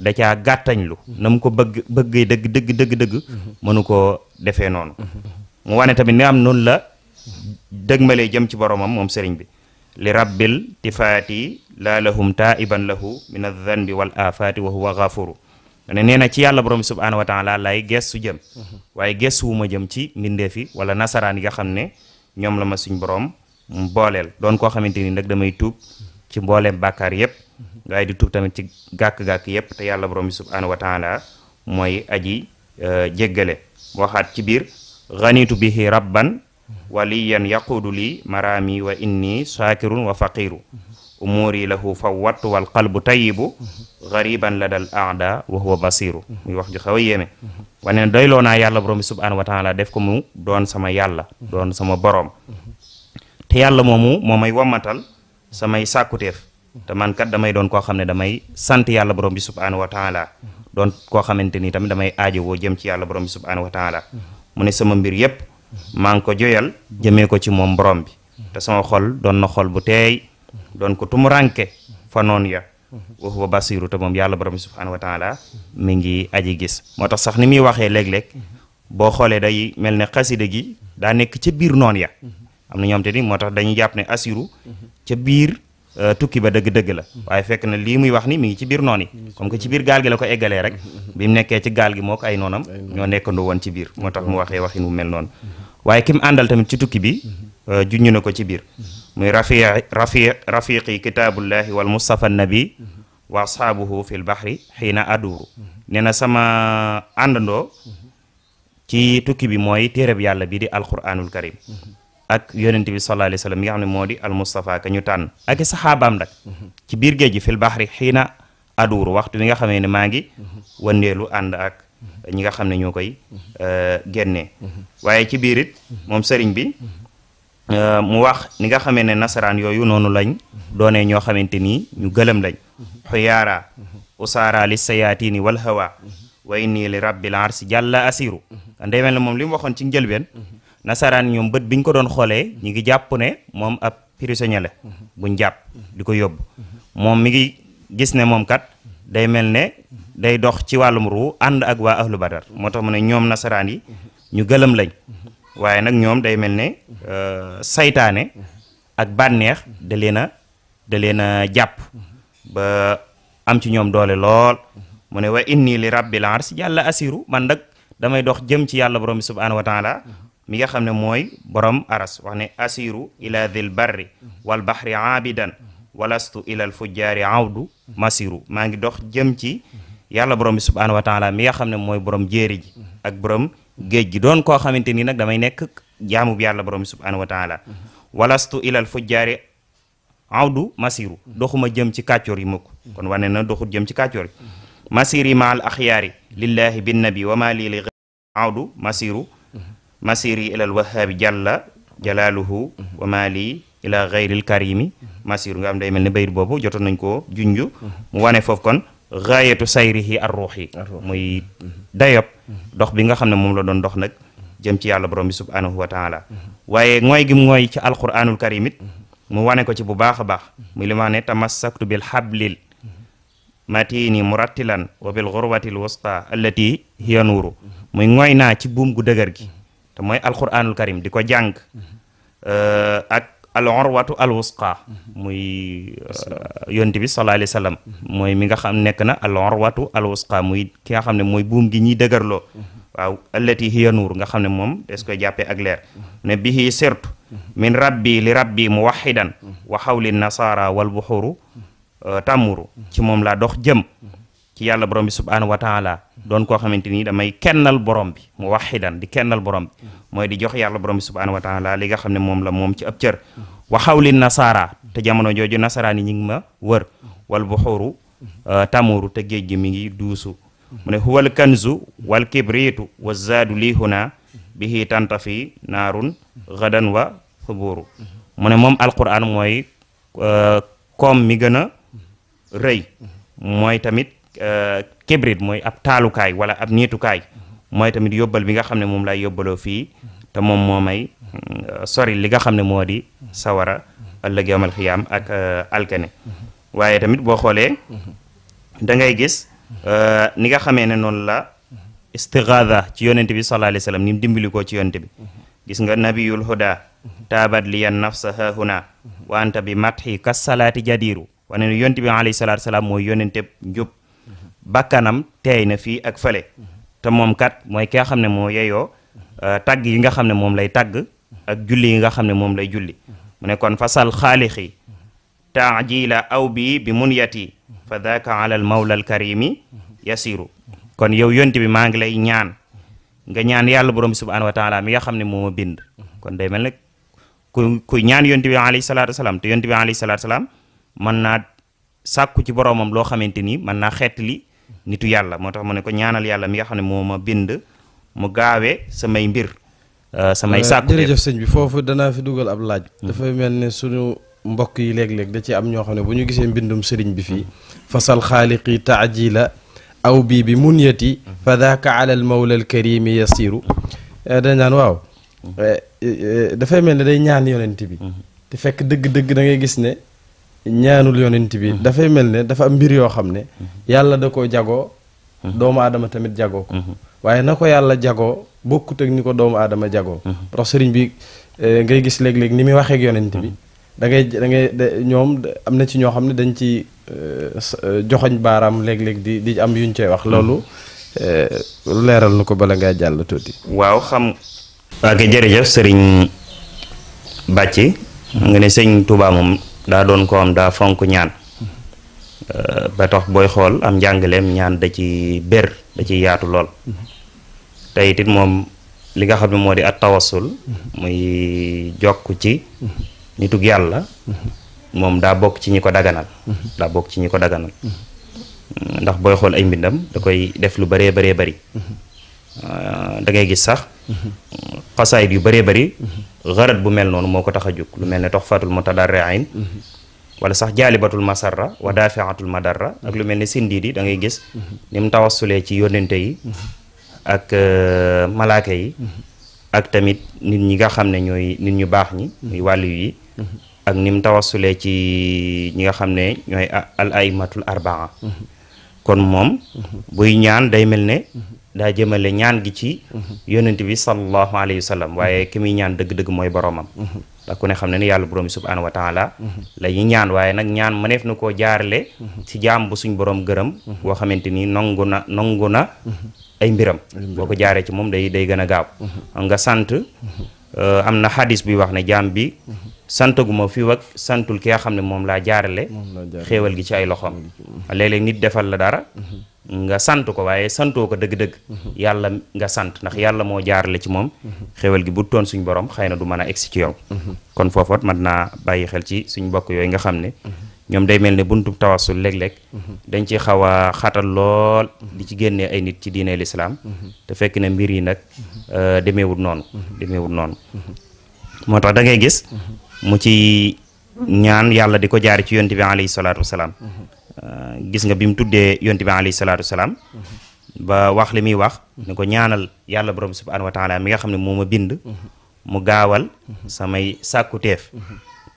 da caa gàttañlu na ko bëgg bëggee dëgg dëgg dëgg dëgg mënu koo defee noonu mu wane tamit ni am noonu la dëgmalee jëm ci boromam moom sëriñ bi li rabbil tifaati laa lahum taiban lahu min adhanbi wal afaati wa huwa ghafuru ne nee na ci yàlla borom bi subhaanahu wa taala laay gestu jëm waaye gestu wu jëm ci mbindeef yi wala nasaraan yi nga xam ne ñoom la ma suñ boroom mbooleel doon koo xamante ni nag damay tuub ci mbooleem bàkkaar yépp waaye di tuub tamit ci gàkk-gàkk yépp te yàlla borom bi subhaanahu wa taala mooy aji euh, jéggale waxaat ci biir ganitu bihi rabban waliyan yaquudu li marami wa inni shaakirun wa faqiru umuuri lahu fawwattu wal qalbu tayyibu gariban la dal aada wa huwa basiru muy wax ju xaw a yéeme wane doyloo naa yàlla borom bi subhanahu wa taala def ko mu doon sama yàlla doon sama boroom te yàlla moomu moom may wammatal samay sàkkuteef te man kat damay doon koo xam ne damay sant yàlla borom bi subhanahu wa taala doon koo xamante ni tamit damay aajo woo jëm ci yàlla borom bi subhanahu wa taala mu ne sama mbir yëpp maa ngi ko joyal jëmee ko ci moom borom bi te sama xol doon na xol bu teey doon ko tumuranke fa noon ya wa huwa basiru te moom yàlla borom subhanahu wa taala mi ngi aji gis moo tax sax ni muy waxee léeg-léeg boo xoolee day mel ne xasida gi daa nekk ci biir noon ya am na ñoom te ni moo tax dañuy jàpp ne asiru ca biir euh, tukki ba dëgg-dëgg la waaye fekk na lii muy wax ni mi ngi ci biir noon yi comme que biir gaal gi la ko eggalee rek bi mu nekkee ci gaal gi moo ko ay noonam ñoo nekkandoo woon ci biir moo tax mu waxee waxin mu mel noonu waaye ki àndal tamit ci tukki bi Euh, juñu na ko ci biir muy rafi rafi rafiqi kitaabullahi wal mustafa nabi wa ashaabuhu fil bahri xiina aduuru nee na sama àndandoo ci tukki bi mooy téereb yàlla bi di alquranul karim ak yonent bi sallallahu alayhi wa nga xam ne moo di almustafa ka ñu tànn ak i saxaabaam nag ci biir géej gi fil bahri xiina aduuru waxtu bi nga xamee ne maa ngi wandeelu ànd ak ñi nga xam ne ñoo koy euh, génnee waaye ci biir moom sëriñ bi Euh, mu wax ni nga xamee ne nasaraan yooyu noonu lañ doonee ñoo xamante ni ñu gëlëm lañ xuyaara usaara li sayaatini wal hawa wa inni li rabbil arsi jàlla asiru mel na moom li waxoon ci njëlbeen nasaraan ñoom bët biñ ko doon xoolee ñi ngi jàpp ne moom ab prisonnier la buñ jàpp di ko yóbbu moom mi ngi gis ne moom kat day mel ne day dox ci wàllum ruu ànd ak waa ahlu badar moo tax mu ne ñoom nasaraan yi ñu gëlëm lañ waye nak ñom day mel ne euh, saytane ak banex de leena de leena japp ba am ci ñom doole lol mune wa inni li rabbil arsi yàlla asiru man nak damay dox jëm ci yalla borom subhanahu wa taala mi nga xamne ne borom aras wax ne asiru ila dhil barri wal bahri abidan walastu ila fujari audu masiru ma ngi dox jëm ci yalla borom subhanahu wa taala mi nga xamne ne borom jéeri ak borom géej gi doon koo xamante ni nag damay nekk jaamu bi yàlla borom bi subhaanahu wa taala walastu ilal fujjaari awdu masiru doxuma jëm ci kàccoor yi mukk kon wane na doxut jëm ci kàccoor yi masiri ma al axyaari lillahi nabi wa ma lii li awdu masiru masiri ilal wahaabi jàlla jalaaluhu wa ma lii ila gayril karimi nga am day mel ni bayit boobu jotoon nañ ko junj mu wane foofu kon gaayatu sayrihi ar ruuxi muy dayob dox bi nga xam ne moom la doon dox nag jëm ci yàlla borom bi subhanahu wa taala waaye ngooy gi ngooy ci alquranul karim it mu wane ko ci bu baax a baax muy li ma ne tamassaktu bil hablil matini murattilan wa bil ghurwatil wusta allati hiya nuuru muy ngooy naa ci buum gu dëgër gi te mooy alquranul karim di ko jàng mm-hmm. al urwatu al wusqa muy yonent bi sallallahu alayhi wasallam moy mi nga xam nek na al urwatu al wusqa muy ki nga xam ne mooy buum gi ñuy dëgërloo waaw allati hiya nur nga xam ne moom des koy jappé ak lèr ne bihi sirtu min rabbi li rabbi muwahhidan wa hawli an nasara wal buhuru tamuru ci mom la dox jëm ci yàlla borom bi subhaanahu wa taala doon ko xamante ni damay kennal borom bi mu waxidan di kennal borom bi mooy di jox yàlla borom bi subhaanahu wa taala li nga xam ne moom la moom ci ab cër waxawli nasaara te jamono jooju nasaraan yi ñu ngi ma war wal buxuuru euh, tamuru te géej gi mi ngi duusu mu ne huwal kanzu wal kibriitu wa zaadu lihuna bihi tantafi naarun gadan wa xubuuru mu ne moom alquran mooy euh, koom mi gën a rëy mooy tamit Euh, kibrit mooy ab taalukaay wala ab niitukaay mooy tamit yóbbal bi nga xam ne moom lay yóbbaloo fii te moom moo may euh, sori li nga xam ne moo di sawara ëllëg yawmal xiyaam ak euh, alkane waaye tamit boo xoolee da gis ni nga xamee ne noonu la istigaada ci yonent bi sallallahu alayhi wa sallam ni dimbali ko ci yonent bi gis nga nabiyul huda taabat liyan nafsa hahuna wa anta bi mathi kas salaati jadiru wane ne yonent bi alayhi salaatu salaam mooy njub bakanam teey na ak fële te mom kat moy ki xamne mo yeyo tag yi nga xamne mom lay tag ak julli yi nga xamne mom lay julli mune kon fasal khaliqi taajila aw bi bi munyati fa ala al mawla al karimi yasiru kon yow yonti bi maa ngi lay ñaan nga ñaan yàlla borom subhanahu wa taala mi nga xamne mo bind kon day melni ku ñaan yonti bi alayhi salaatu te yonti bi alayhi salaatu wasalaam mën sàkku ci boromam lo xamanteni man na naa nitu yàlla moo tax mu ne ko ñaanal yàlla mi nga xam ne moo ma bind mu gaawee samay mbir euh, samay euh, sàkku jërëjëf sëñ bi foofu danaa fi dugal ab laaj mm-hmm. dafay mel ne suñu mbokk yi léeg-léeg da ci am ñoo xam ne bu ñu gisee mbindum sëriñ bi fii mm-hmm. fasal xaaliqi taajila aw bii bi munyati fa daaka ala al mawla al karimi yasiru mm-hmm. euh, dañ naan waaw dafay mel ne day ñaan yonent bi te fekk dëgg-dëgg da gis ne ñaanul yonent bi mm-hmm. dafay mel ne dafa am mbir yoo xam ne mm-hmm. yàlla da koo jagoo mm-hmm. doomu aadama tamit jagoo ko waaye na ko yàlla jagoo bokkut ak ni ko doomu aadama jagoo parce sëriñ bi eh, ngay gis léeg-léeg ni muy waxeek yonent bi da ngay dangay ngay ñoom am na ci ñoo xam ne dañ ci eh, eh, joxoñ baaraam léeg-léeg di di am yuñ cay wax loolu leeral na ko bala ngaa jàll tuuti waaw xam waa kay jërëjëf sëriñ bàcce nga ne sëñ Tuubaa da doon ko am da fonk ñaan eh, ba tax boy xol am njàngaleem ñaan da ci ber da ci yaatu lol tay tit mom li nga xamne modi di at tawasul muy jokku ci nituk yalla mom da bok ci ñiko ko daganal da bok ci ñiko ko daganal ndax boy xol ay mbindam da koy def lu bare bare bare eh, da ngay gis sax xasaayit yu bare bare gharat bu mel non moko taxaju Lu a jóg lu mel ne wala sax jalibatul masarra wa dafi'atul madarra ak lu melni sindidi da ngay gis nim tawassule ci yonente yi ak euh, malaika yi ak tamit nit ñi nga xamne ñoy nit ñu bax ñi muy walu yi ak ni tawassule ci ñi nga xamne ñoy al aymatul arbaa mm-hmm. kon mom, buy ñaan day melne ne daa jëmale ñaan gi ci mhm. yonent bi sallallahu alayhi wa sallam waaye mhm. ki muy ñaan dëgg-dëgg mooy boroomam mhm. ndax ku ne xam ne ni yàlla borom bi subhaanahu wa taala la ñuy ñaan waaye nag ñaan mëneef na koo jaarale ci jaam bu suñ boroom gërëm boo xamante ni nongu na nongu na ay mbiram boo ko jaaree ci moom day day gën a gaaw nga sant euh, am na xadis bi wax ne jaam bi santaguma fi wak santul ki nga xam ne moom laa jaarale xéewal gi ci ay loxoom léeg-léeg nit defal la dara mhm. nga sant ko waaye santoo ko dëgg-dëgg mhm. yàlla nga sant ndax yàlla moo jaarale ci moom mhm. xéewal gi bu toon suñ borom xëy na du mën a egsi ci yow kon foofoot mën naa bàyyi xel ci suñ mbokk yooyu nga xam ne ñoom day mel ne buntu tawasul léeg-léeg dañ ci xaw a xatal lool di ci génne ay nit ci diine lislaam te fekk na mbir yi nag euh, demeewul noonu demeewul noonu mu ci ñaan yàlla di ko jaar ci yonte bi alayhi salaatu wasalaam euh, gis nga bi mu tuddee yonte bi alayhi salaatu wasalaam ba wax li muy wax ni ko ñaanal yàlla borom subhaanahu wa mi nga xam ne moo ma bind mu gaawal samay sàkkuteef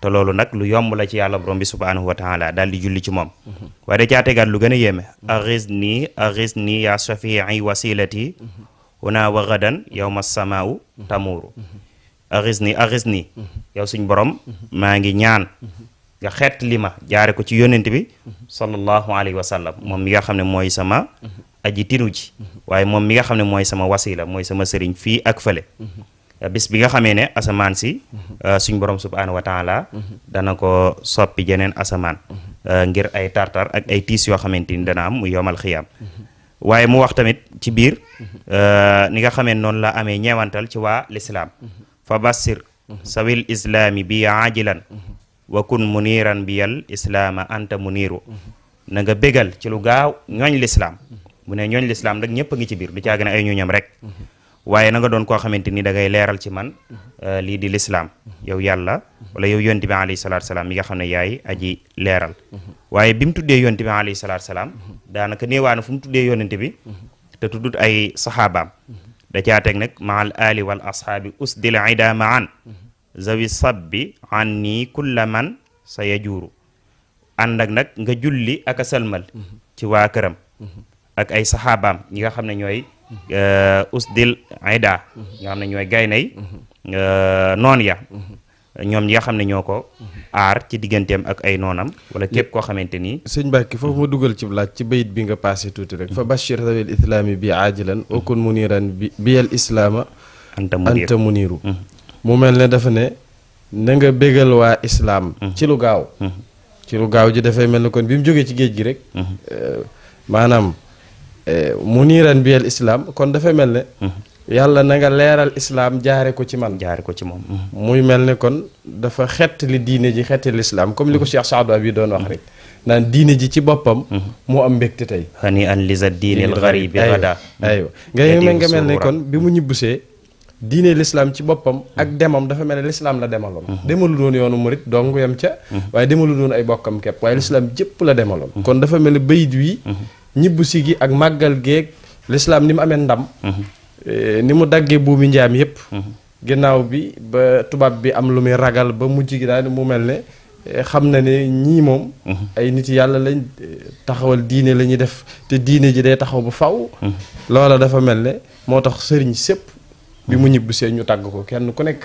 te loolu nag lu yomb la ci yàlla borom bi subhaanahu wa taala daal di julli ci moom waaye da caa tegaat lu gën a yéeme axis nii axis nii yaa shafii wasilati huna wa gadan yawma samaau tamuuru arizni arizni mhm. yow suñ borom mhm. ma ngi ñaan mhm. nga xet lima ma jaare ko ci yonent bi sallallahu alaihi wasallam. mom mi nga xamne moy sama aji tinu ci waye mom mi nga xamne moy sama wasila moy sama serign fi ak fele bis bi nga xamene asaman si euh, suñ borom subhanahu wa taala dana ko soppi jenen asaman euh, ngir ay tartar ak ay tis yo xamanteni dana am mu yomal waye mu wax tamit ci bir euh, ni nga xamene non la amé ñewantal ci wa l'islam fa bassir mhm. sawil islaami bi aajilan mhm. wa kun muniiran bi yal islaama anta muniiru mhm. na nga bégal ci lu gaaw ñooñ lislaam mu ne ñooñ lislaam nag ñëpp a ngi ci biir du caa gën a ay ñooñam rek waaye na nga doon koo xamante ni dangay leeral ci man euh, lii di lislaam yow yàlla wala yow yonti bi alayhi salaatu salaam mi nga xam ne yaay aji leeral waaye bi mu tuddee yonti bi alayhi salaam daanaka néewaana fu mu tuddee yonente bi te tuddut ay saxaabaam da caa teg nag maal ali wal ashaabi usdil ida maan zawi sabbi an nii kulla man sa yajuuru ànd ak nag nga julli ak a salmal ci waa këram ak ay saxaabaam ñi nga xam ne ñooy euh, usdil ida nga xam ne ñooy gaynay euh, noon ya ñoom ñi nga xam ne ñoo ko aar ci digganteem ak ay noonam wala képp koo xamante nii sëñ Mbàkke foofu ma dugal ci laaj ci bayit bi nga passé tuuti rek fa bashir zawil islaami bi aajilan okun muniran bi biyal islaama anta muniru mm-hmm. mu mel ne dafa ne nanga nga bégal waa islaam mm-hmm. ci lu gaaw mm-hmm. ci lu gaaw ji dafay mel ne kon bi mu jógee ci géej gi rek eh, maanaam eh, muniran biyal islaam kon dafay mel ne yàlla na nga leeral islaam jaare ko ci man jaare ko ci moom mm. muy mel ne kon dafa xett li diine ji xett lislaam comme li ko mm. Cheikh Saadu Abi doon wax mm. rek naan diine ji ci boppam moo am mbégte tey xani an lisa diinil xaribi gada aywa nga nga mel ne kon bi mu ñibbusee diine lislaam ci boppam ak demam dafa mel ne lislaam la demaloon mm-hmm. demalu doon yoonu murit dong yam ca mm-hmm. waaye demalu doon ay bokkam kepp waaye mm-hmm. lislaam jëpp la demaloon kon dafa mel ne bayit wi ñibbusi gi ak màggal geeg lislaam ni mu amee ndam Eh, ni mu daggee buumi njaam yëpp. Mhm. ginnaaw bi ba tubaab bi am lu muy ragal ba mujj gi daal mu mel ne eh, xam na ne ñii moom. Mhm. ay nit yàlla lañ eh, taxawal diine la def te diine ji day taxaw bu faw mhm. loola dafa mel ne moo tax sëriñ sépp bi mu ñibbisee ñu tagg ko kenn ku nekk.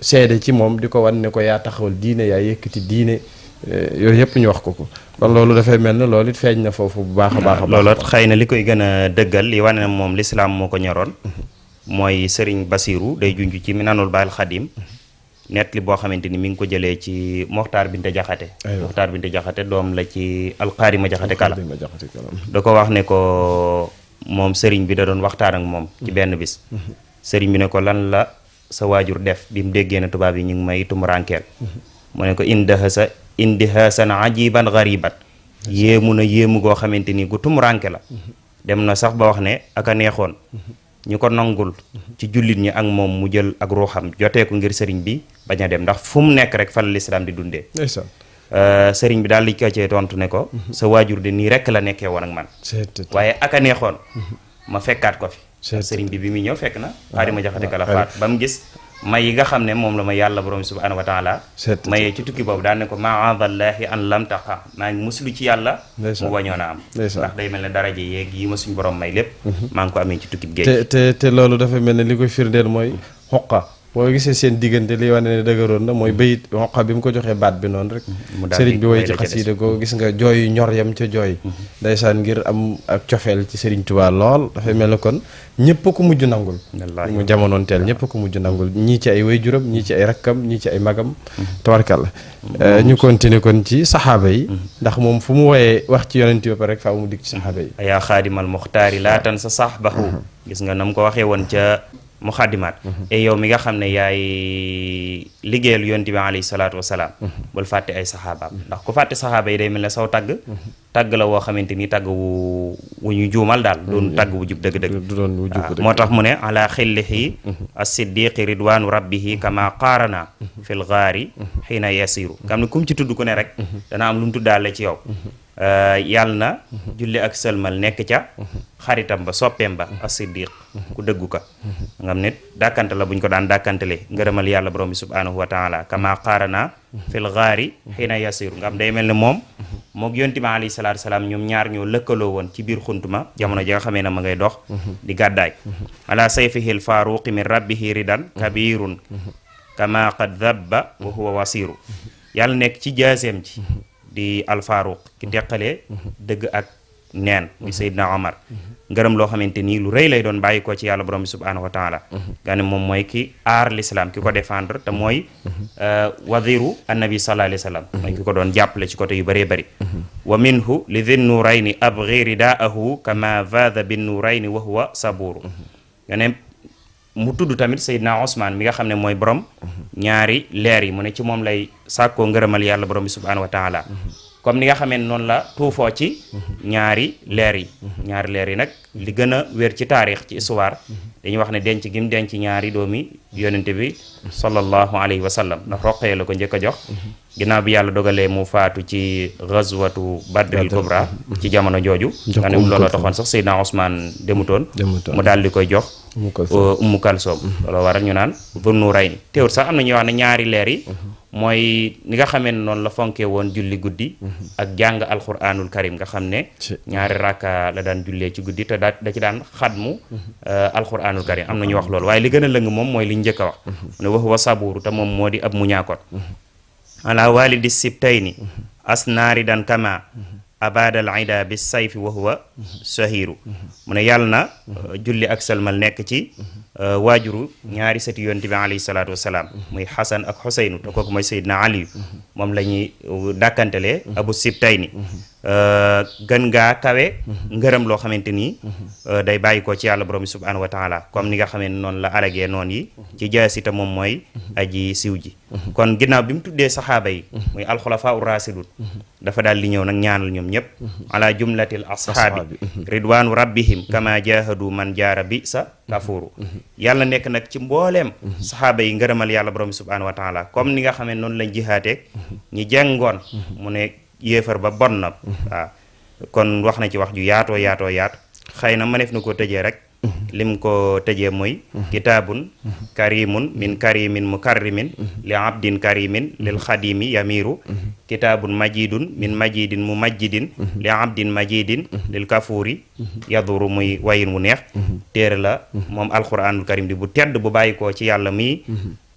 seede ci moom di ko wan ne ko yaa taxawal diine yaa yëkkati diine. Eh, yooyu yëpp ñu wax ko ko kon loolu dafay mel ne lool it feeñ na foofu bu baax a baax a baax xëy na li koy gën a dëggal li wane na moom lislaam moo ko ñoroon mhm. mooy sëriñ Basiru day junj ci mi nanul Baal Xadim mhm. boo xamante ni mi ngi ko jëlee ci Moxtaar Binte Jaxate Moxtaar Binte Jaxate doom la ci Alxaarima Jaxate Kala mhm. da ko wax ne ko moom sëriñ bi da doon waxtaan ak moom ci benn bis sëriñ bi ne ko lan la sa waajur def bi mu déggee na tubaab yi ñu ngi may tumuraankeel mu ne ko sa indihasan ajiban gariban yéemu na yemu goo xamante ni gu tumuranke la dem na sax ba wax ne ak a neexoon ñu ko nangul ci julit ñi ak mom mu jël ak roxam jotee ko ngir sëriñ bi baña dem ndax fum nekk rek fa l'islam di euh sëriñ bi dal li kacé tontu ne ko mhm. sa wajur di ni rek la nekké won ak man waaye ak a mhm. ma fekkat ko fi sëriñ bi bi mi ñëw fekk na xaadima ah. jaxate kala ah. faat bam gis may yi nga xam ne moom la ma yàlla borom subhaanahu wa taala mayee ci tukki boobu daan ne ko maadallaahi an lam taqa maa ngi muslu ci yàlla mu wañoon a am ndax day mel ne daraje yeeg yi ma suñ borom may lépp mhm. maa ngi ko amee ci tukki géej te te loolu dafa mel ne li koy firndeel mooy xoqa boo gisee seen diggante li wane ne dëgëroon na mooy bayit wonqa bi mu ko joxee baat bi noonu rek sëriñ bi woy ci xasiida ko gis nga jooy ñor yam ca jooy day mm-hmm. ndeysaan ngir am ak cofeel ci sëriñ Tuubaa lool dafay mel ne kon ñëpp ko mujj nangul mu jamonoon teel ñëpp ko mujj nangul ñii ci ay waajuram ñii ci ay rakkam ñii ci ay magam mm-hmm. tabarkàlla mm-hmm. eh, ñu continuer kon ci saxaaba yi ndax moom fu mu woyee wax ci yonent ba pare rek faaw mu dikk ci saxaaba yi ayaa xaadimal muxtaari laa tan sa saxbahu gis nga nam ko waxee woon ca mu xaddimaat mhm. et yow mi nga xam ne yaay liggéeyal yonent bi alayhi salaatu wasalaam mhm. bul fàtte ay saxaabaam ndax ku fàtte saxaaba yi day mel ne saw tàgg mhm. tàgg la woo xamante ni tàgg wu ñu juumal daal doon tàgg wu jub dëgg-dëgg moo tax mu ne ala xillihi as-siddiqi ridwanu rabbihi kama qaarana fil gaari xiina yasiru nga xam ne kum ci tudd ku ne rek danaa am lu mu tuddaale ci yow Euh, yàll na mhm. julli ak sëlmal nekk ca mhm. xaritam ba soppeem ba mhm. as-siddiq ku dëggu ka nga xam ne dàkkante la bu ko daan dàkkantele ngërëmal yàlla borom bi subhanahu wa taala kama qaarana fil gaari xiina yasiru nga day mel ne moom mook yonti ma alayhi salaatu salaam ñoom ñaar ñoo lëkkaloo woon ci biir xuntuma jamono ji nga xamee ne ma ngay dox di gàddaay ala sayfihil faaruqi min rabbihi ridan kabirun kama qad dabba wa huwa wasiru yàlla nekk ci jaaseem ci di alfaaruq ki teqalee dëgg ak neen di mhm. Seydina Omar mhm. ngërëm loo xamante nii lu rëy lay doon bàyyi ci yàlla borom bi subhaanahu wa taala mhm. moom mooy ki aar l'islam ki ko défendre te mooy euh, wadiru annabi sallallahu alayhi wa sallam mooy ki ko doon jàppale ci côté yu bëree bari wa minhu li dhi nurayni abghi ridaahu kama vaada bin nurayni wa huwa sabuuru nga ne mu tudd tamit Seydina Ousmane mi nga xam ne mooy borom ñaari leer yi mu ne ci moom lay sàkkoo ngërëmal yàlla borom bi subhaanahu wa taala comme ni nga xamee noonu la tuufoo ci ñaari leer yi ñaari leer yi nag li gën a wér ci taarix ci histoire dañuy wax ne denc gi mu denc ñaari doomi yonente bi sallallahu alayhi wa sallam ndax roqee la ko njëkk a jox ginnaaw bi yàlla dogalee mu faatu ci ghazwatu badril kubra ci jamono jooju nga ne a taxoon sax Seydina Ousmane demutoon mu daal di koy jox umu kalsoom euh, loolu waral ñu naan ba nuuray ni teewul sax am na ñuy wax ne ñaari leer yi mhm. mooy ni nga xamee ne noonu la fonkee woon julli guddi mhm. ak jàng alquranul karim nga xam ne ñaari rakka la daan jullee ci guddi te daa da ci daan xadmu mhm. euh, alquranul karim am na ñu wax loolu waaye li gën a lëng moom mooy li njëkk a wax ne wax wa te moom moo di ab muñaakoon ala walidi sibtayni asnaari dan kama أباد العيدا بالسيف وهو سهيرو من يالنا جل أكسل مال نكتي Euh, waajuru ñaari sëti yonte bi alayhi salaatu wasalaam muy xasan ak xuseynu te kooku mooy seydina aliyu moom lañuy ñuy euh, dàkkantelee abu sibtayni euh, gën ngaa kawe ngërëm loo xamante nii day bàyyi ko ci àll borom bi subhaanahu wa comme ni nga xamee noonu la alagee noon yi ci jaasi te moom mooy aji siw ji kon ginnaaw bi mu tuddee saxaaba yi muy alxulafaa u raasidun dafa daal li ñëw nag ñaanal ñoom ñëpp ala jumlatil ashaabi ridwaanu rabbihim kama jahadu man jaara bi sa gafuuru yàlla nekk nag ci mbooleem saxaaba yi ngërëmal yàlla borom bi subhaanahu wa taala comme ni nga xamee noonu lañ jihaatee ñi jengoon mu ne yéefar ba bon na mhm. waaw kon wax na ci wax ju yaatoo yaatoo yaat xëy na mëneef na koo tëjee rek lim ko tëjee mooy kitaabun karimun min karimin mukarrimin li abdin karimin lil xadimi yamiru kitaabun majidun min majidin mu majidin li abdin majidin lil kafuuri yaduru muy wayin wu neex téere la moom alquranul karim di bu tedd bu bàyyi ko ci yàlla muy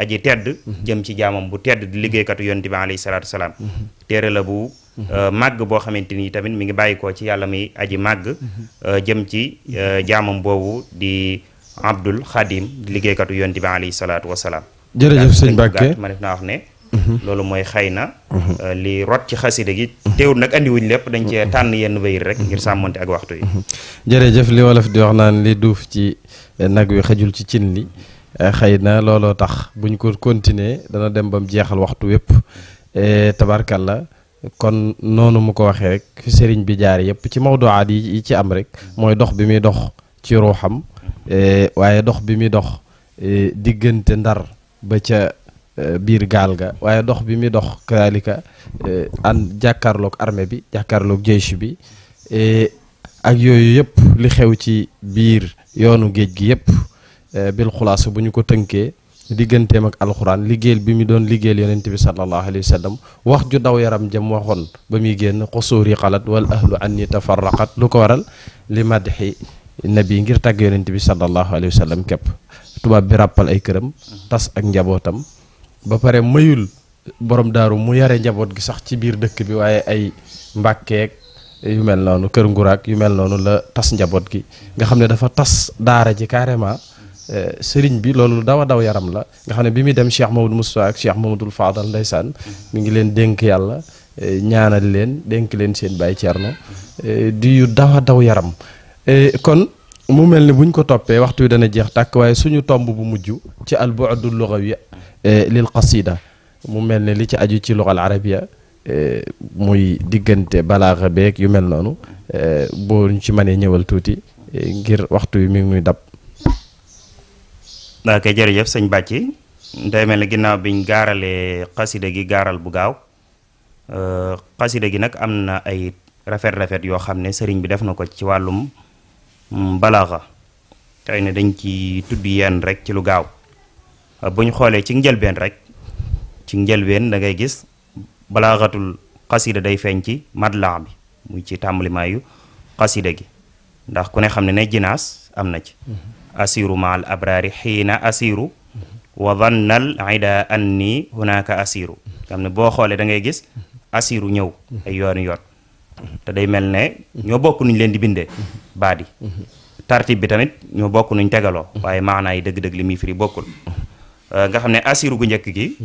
aji tedd jëm ci jaamam bu tedd di liggéeykatu yonte bi alayhi salaatu téere la bu Euh, mag boh xamanteni tamit mi ngi bayiko ci yalla mi aji mag mhm. euh, jëm ci euh, jaamam bobu di Abdul Khadim di katu yonti bi salatu salaatu jere jeuf seigne bakke man def na wax ne mhm. lolu moy mhm. li rot ci xasida gi teewul andi wuñ lepp dañ ci tan yenn bayir rek ngir samonté ak waxtu yi jeuf li wolof di wax naan li duuf ci eh, nag wi xajul ci cin li eh, xëy na tax buñ ko continuer dana dem bam jeexal waxtu kon noonu mu ko waxee rek fi sëriñ bi jaar yëpp ci mawduwaat yi ci am rek mooy dox bi muy dox ci ruuxam eh, waaye dox bi muy dox eh, diggante ndar ba ca eh, biir gaal ga waaye dox bi muy dox kadaalika an jàkkaarlook armée bi jàkkaarloog jeysh bi ak yooyu yëpp li xew ci biir yoonu géej gi yëpp bil xulaasa bu ñu ko tënkee digganteem ak alquran liggéeyal bi mi doon ligel yonent bi sallallahu alayhi wasallam wax ju daw yaram jëm waxon ba gen génn xusuuri wal ahlu anni tafarraqat lu ko waral li madhi nabi ngir tag yonent bi sallallahu alayhi wasallam kep tuba bi rappal ay kërëm tas ak njabotam ba pare mayul borom daru mu yare njabot gi sax ci biir dëkk bi waye ay mbàkkeeg yu mel nonu kër ngurak yu mel nonu la tas njabot gi nga xam dafa tas daara ji carrément sëriñ bi loolu daw a daw yaram la nga xam ne bi muy dem Cheikh Mamadou Moustapha ak Cheikh Mamadou Fadal ndaysaan mu ngi leen dénk yàlla ñaanal leen dénk leen seen baay Thierno di yu daw daw yaram kon mu mel ni buñ ko toppee waxtu wi dana jeex tàkk waaye suñu tomb bu mujj ci al bu'du lugawi lil qasida mu mel ni li ci aju ci lugal arabiya muy diggante balaaxa beeg yu mel noonu boo ñu ci mënee ñëwal tuuti ngir waxtu yi mi ngi muy dab daa koy jërëjëf sëñ bàcci day mel ne ginnaaw biñ gaaralee xasida gi gaaral bu gaaw euh, xasida gi nag am na ay rafet rafet yoo xam ne sëriñ bi def na ko ci wàllum mm, balaaxa xëy na dañ ci tudd yenn rek ci lu gaaw bu ñu xoolee ci njëlbeen rek ci njëlbeen da ngay gis balaaxatul xasida day feeñ ci madlaa bi muy ci tàmbalimaayu xasida gi ndax ku ne xam ne ne jinaas am na ci mm-hmm. asiru ma al abraari xiina asiru wa dhanna al ida anni hunaka asiru xam ne boo xoolee da ngay gis asiru ñëw ay yoon yoon te day mel ne ñoo bokk nuñ leen di bindee baat yi bi tamit ñoo bokk nuñ tegaloo waaye maanaa yi dëgg-dëgg li bokkul euh, nga xam ne asiru gu njëkk gi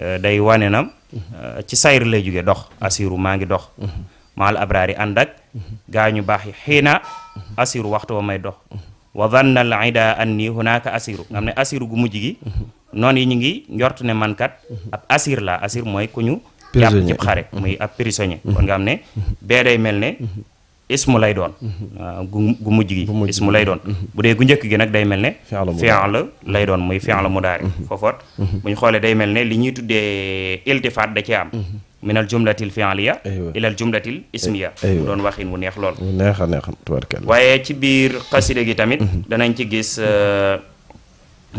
euh, day wane na euh, ci sayr lay jóge dox asiru maa ngi dox maal abraar yi ànd ak gaa ñu baax yi xiina asiru waxtu wa may dox wa na al ida anni hunaka asiru nga am ne asiru gu mujj gi noonu yi ñu ngi njort ne mankat ab asir la asir mooy ku ñu jàpp ci xare muy ab prisonnier kon nga xam ne bee day mel ne ismu lay doon gu gu mujj gi ismu lay doon bu dee gu njëkk gi nag day mel ne fi'l lay doon muy fi'l mudaari uhuh. foofoot uhuh. bu ñu xoolee day mel ne li ñuy tuddee iltifaat da cee am uhuh. min al jumlatil fi'liya ila al jumlatil ismiya mu doon waxin wu neex lool wu neex a neex tubarkal waaye ci biir xaside gi tamit mhm. danañ ci gis euh,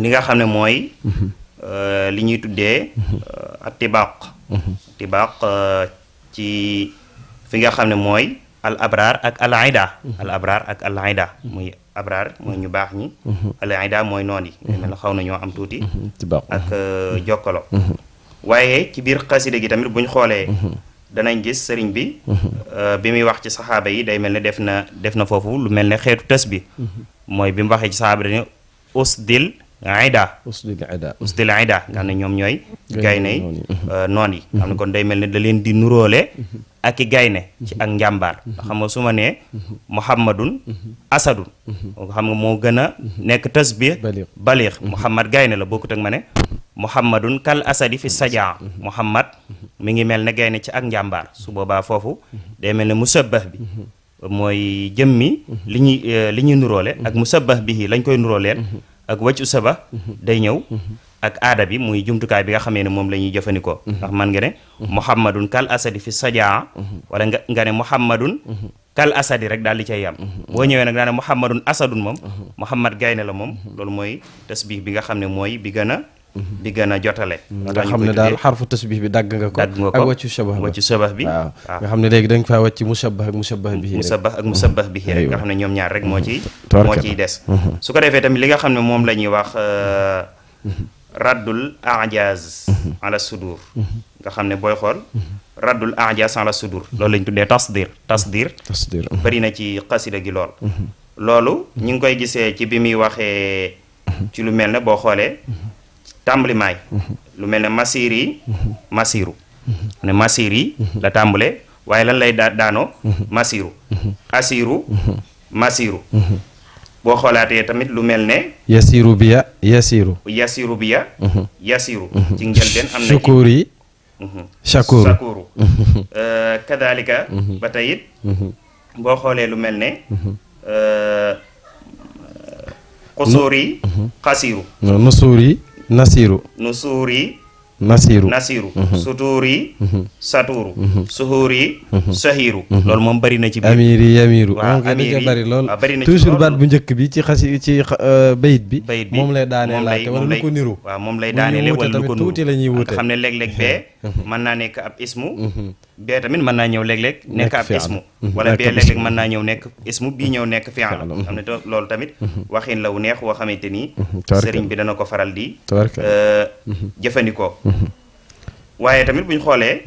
li nga xam ne mooy mhm. euh, li ñuy tuddee mhm. euh, atibaq atibaq ci fi nga al abrar ak al aida al abrar ak al aida muy abrar moy ñu baax ñi al aida mooy noni yi mel na ñoo am ak jokkalo waaye ci biir xasida gi tamit buñ xoolee mhm. danañ gis sëriñ bi mhm. euh, bi muy wax ci saxaaba yi day mel ne def na def na foofu lu mel ni xeetu tës bi mhm. mooy bi mu waxee ci saxaaba dañu usdil ida usdil ida usdil ida nga xam ne ñoom ñooy gayney euh, noon yi xam ne kon day mel ni da leen di nuroole ak i gayne ci ak njàmbaar ndax xam nga su ma nee muhammadun asadun xam nga moo gën a nekk tës bi baliix muhammad gayne la bokkut ak ma ne muhammadun kal asadi fi sajaa mm-hmm. muhammad mi ngi mel ne gaynde ci ak njàmbaar su boobaa foofu mm-hmm. day mel ne musabbah bi mm-hmm. mooy jëmmi li ñuy eh, li ñuy nuróole ak musabbah bihi lañ koy nuróoleel ak wàccu saba day ñëw ak aada bi muy jumtukaay bi nga xamee ne moom la ñuy jëfandikoo ndax man nga ne muhammadun kal asadi fi sajaa wala nga nga ne muhammadun kal asadi rek daal di cay yam boo ñëwee nag daa ne muhammadun asadun moom muhammad gaynde la moom loolu mooy tasbih bi nga xam ne mooy bi gën a di gën a jotale. Mm-hmm. nga xam ne daal xarfu tasbih bi dagg nga ko. dagg nga ko ak wàccu sabah bi wàccu bi. waaw ah. nga xam ne léegi da nga faa wàcc musabbah ak musabbah bi. musabbah ak musabbah bi rek nga xam ne ñoom ñaar rek moo mm-hmm. ciy. des. Mm-hmm. su ko defee li nga xam ne moom la ñuy wax euh, raddul ajaz ala sudur nga xam ne booy xool. raddul ajaz ala sudur. loolu lañ tuddee tasdir tasdir. tasdir bari na ci xasida gi lool. loolu ñu ngi koy gisee ci bi muy waxee. ci lu mel ne boo xoolee. tàmbali maay lu mel ne masiir yi masiiru ne masiir yi la tàmbale waaye lan lay daa daanoo masiiru asiiru masiiru boo xoolaatee tamit lu mel ne yasiiru biya yasiiru yasiiru biya yasiiru ci njëlbeen am na sukuur mhm. yi sakuru sakuru (laughs) euh, kadalika mhm. ba tey it mhm. boo xoolee lu mel ne xusuur euh, yi xasiiru nusuur yi nasiru nusuuri nasiru nasiru mhm. sutuuri mhm. satuuru mhm. suhuuri sahiru loolu moom bëri na ci biir amiri yamiru moom kay dañu bari lool toujours baat bu njëkk bi ci xasi ci euh, bayit bi moom lay daanee laate wala lu ko niru waaw moom lay daanee wala lu ko tuuti la ñuy wuute xam ne léeg mën naa nekk ab ismu bee tamit mën naa ñëw léeg-léeg nekk ab ismu mhm. wala bee léeg-léeg mën naa ñëw nekk ismu bii ñëw nekk fi'l mhm. xam ne loolu tamit mhm. waxin la wu neex woo xamante nii sëriñ bi dana ko faral di euh, waaye tamit buñ xoolee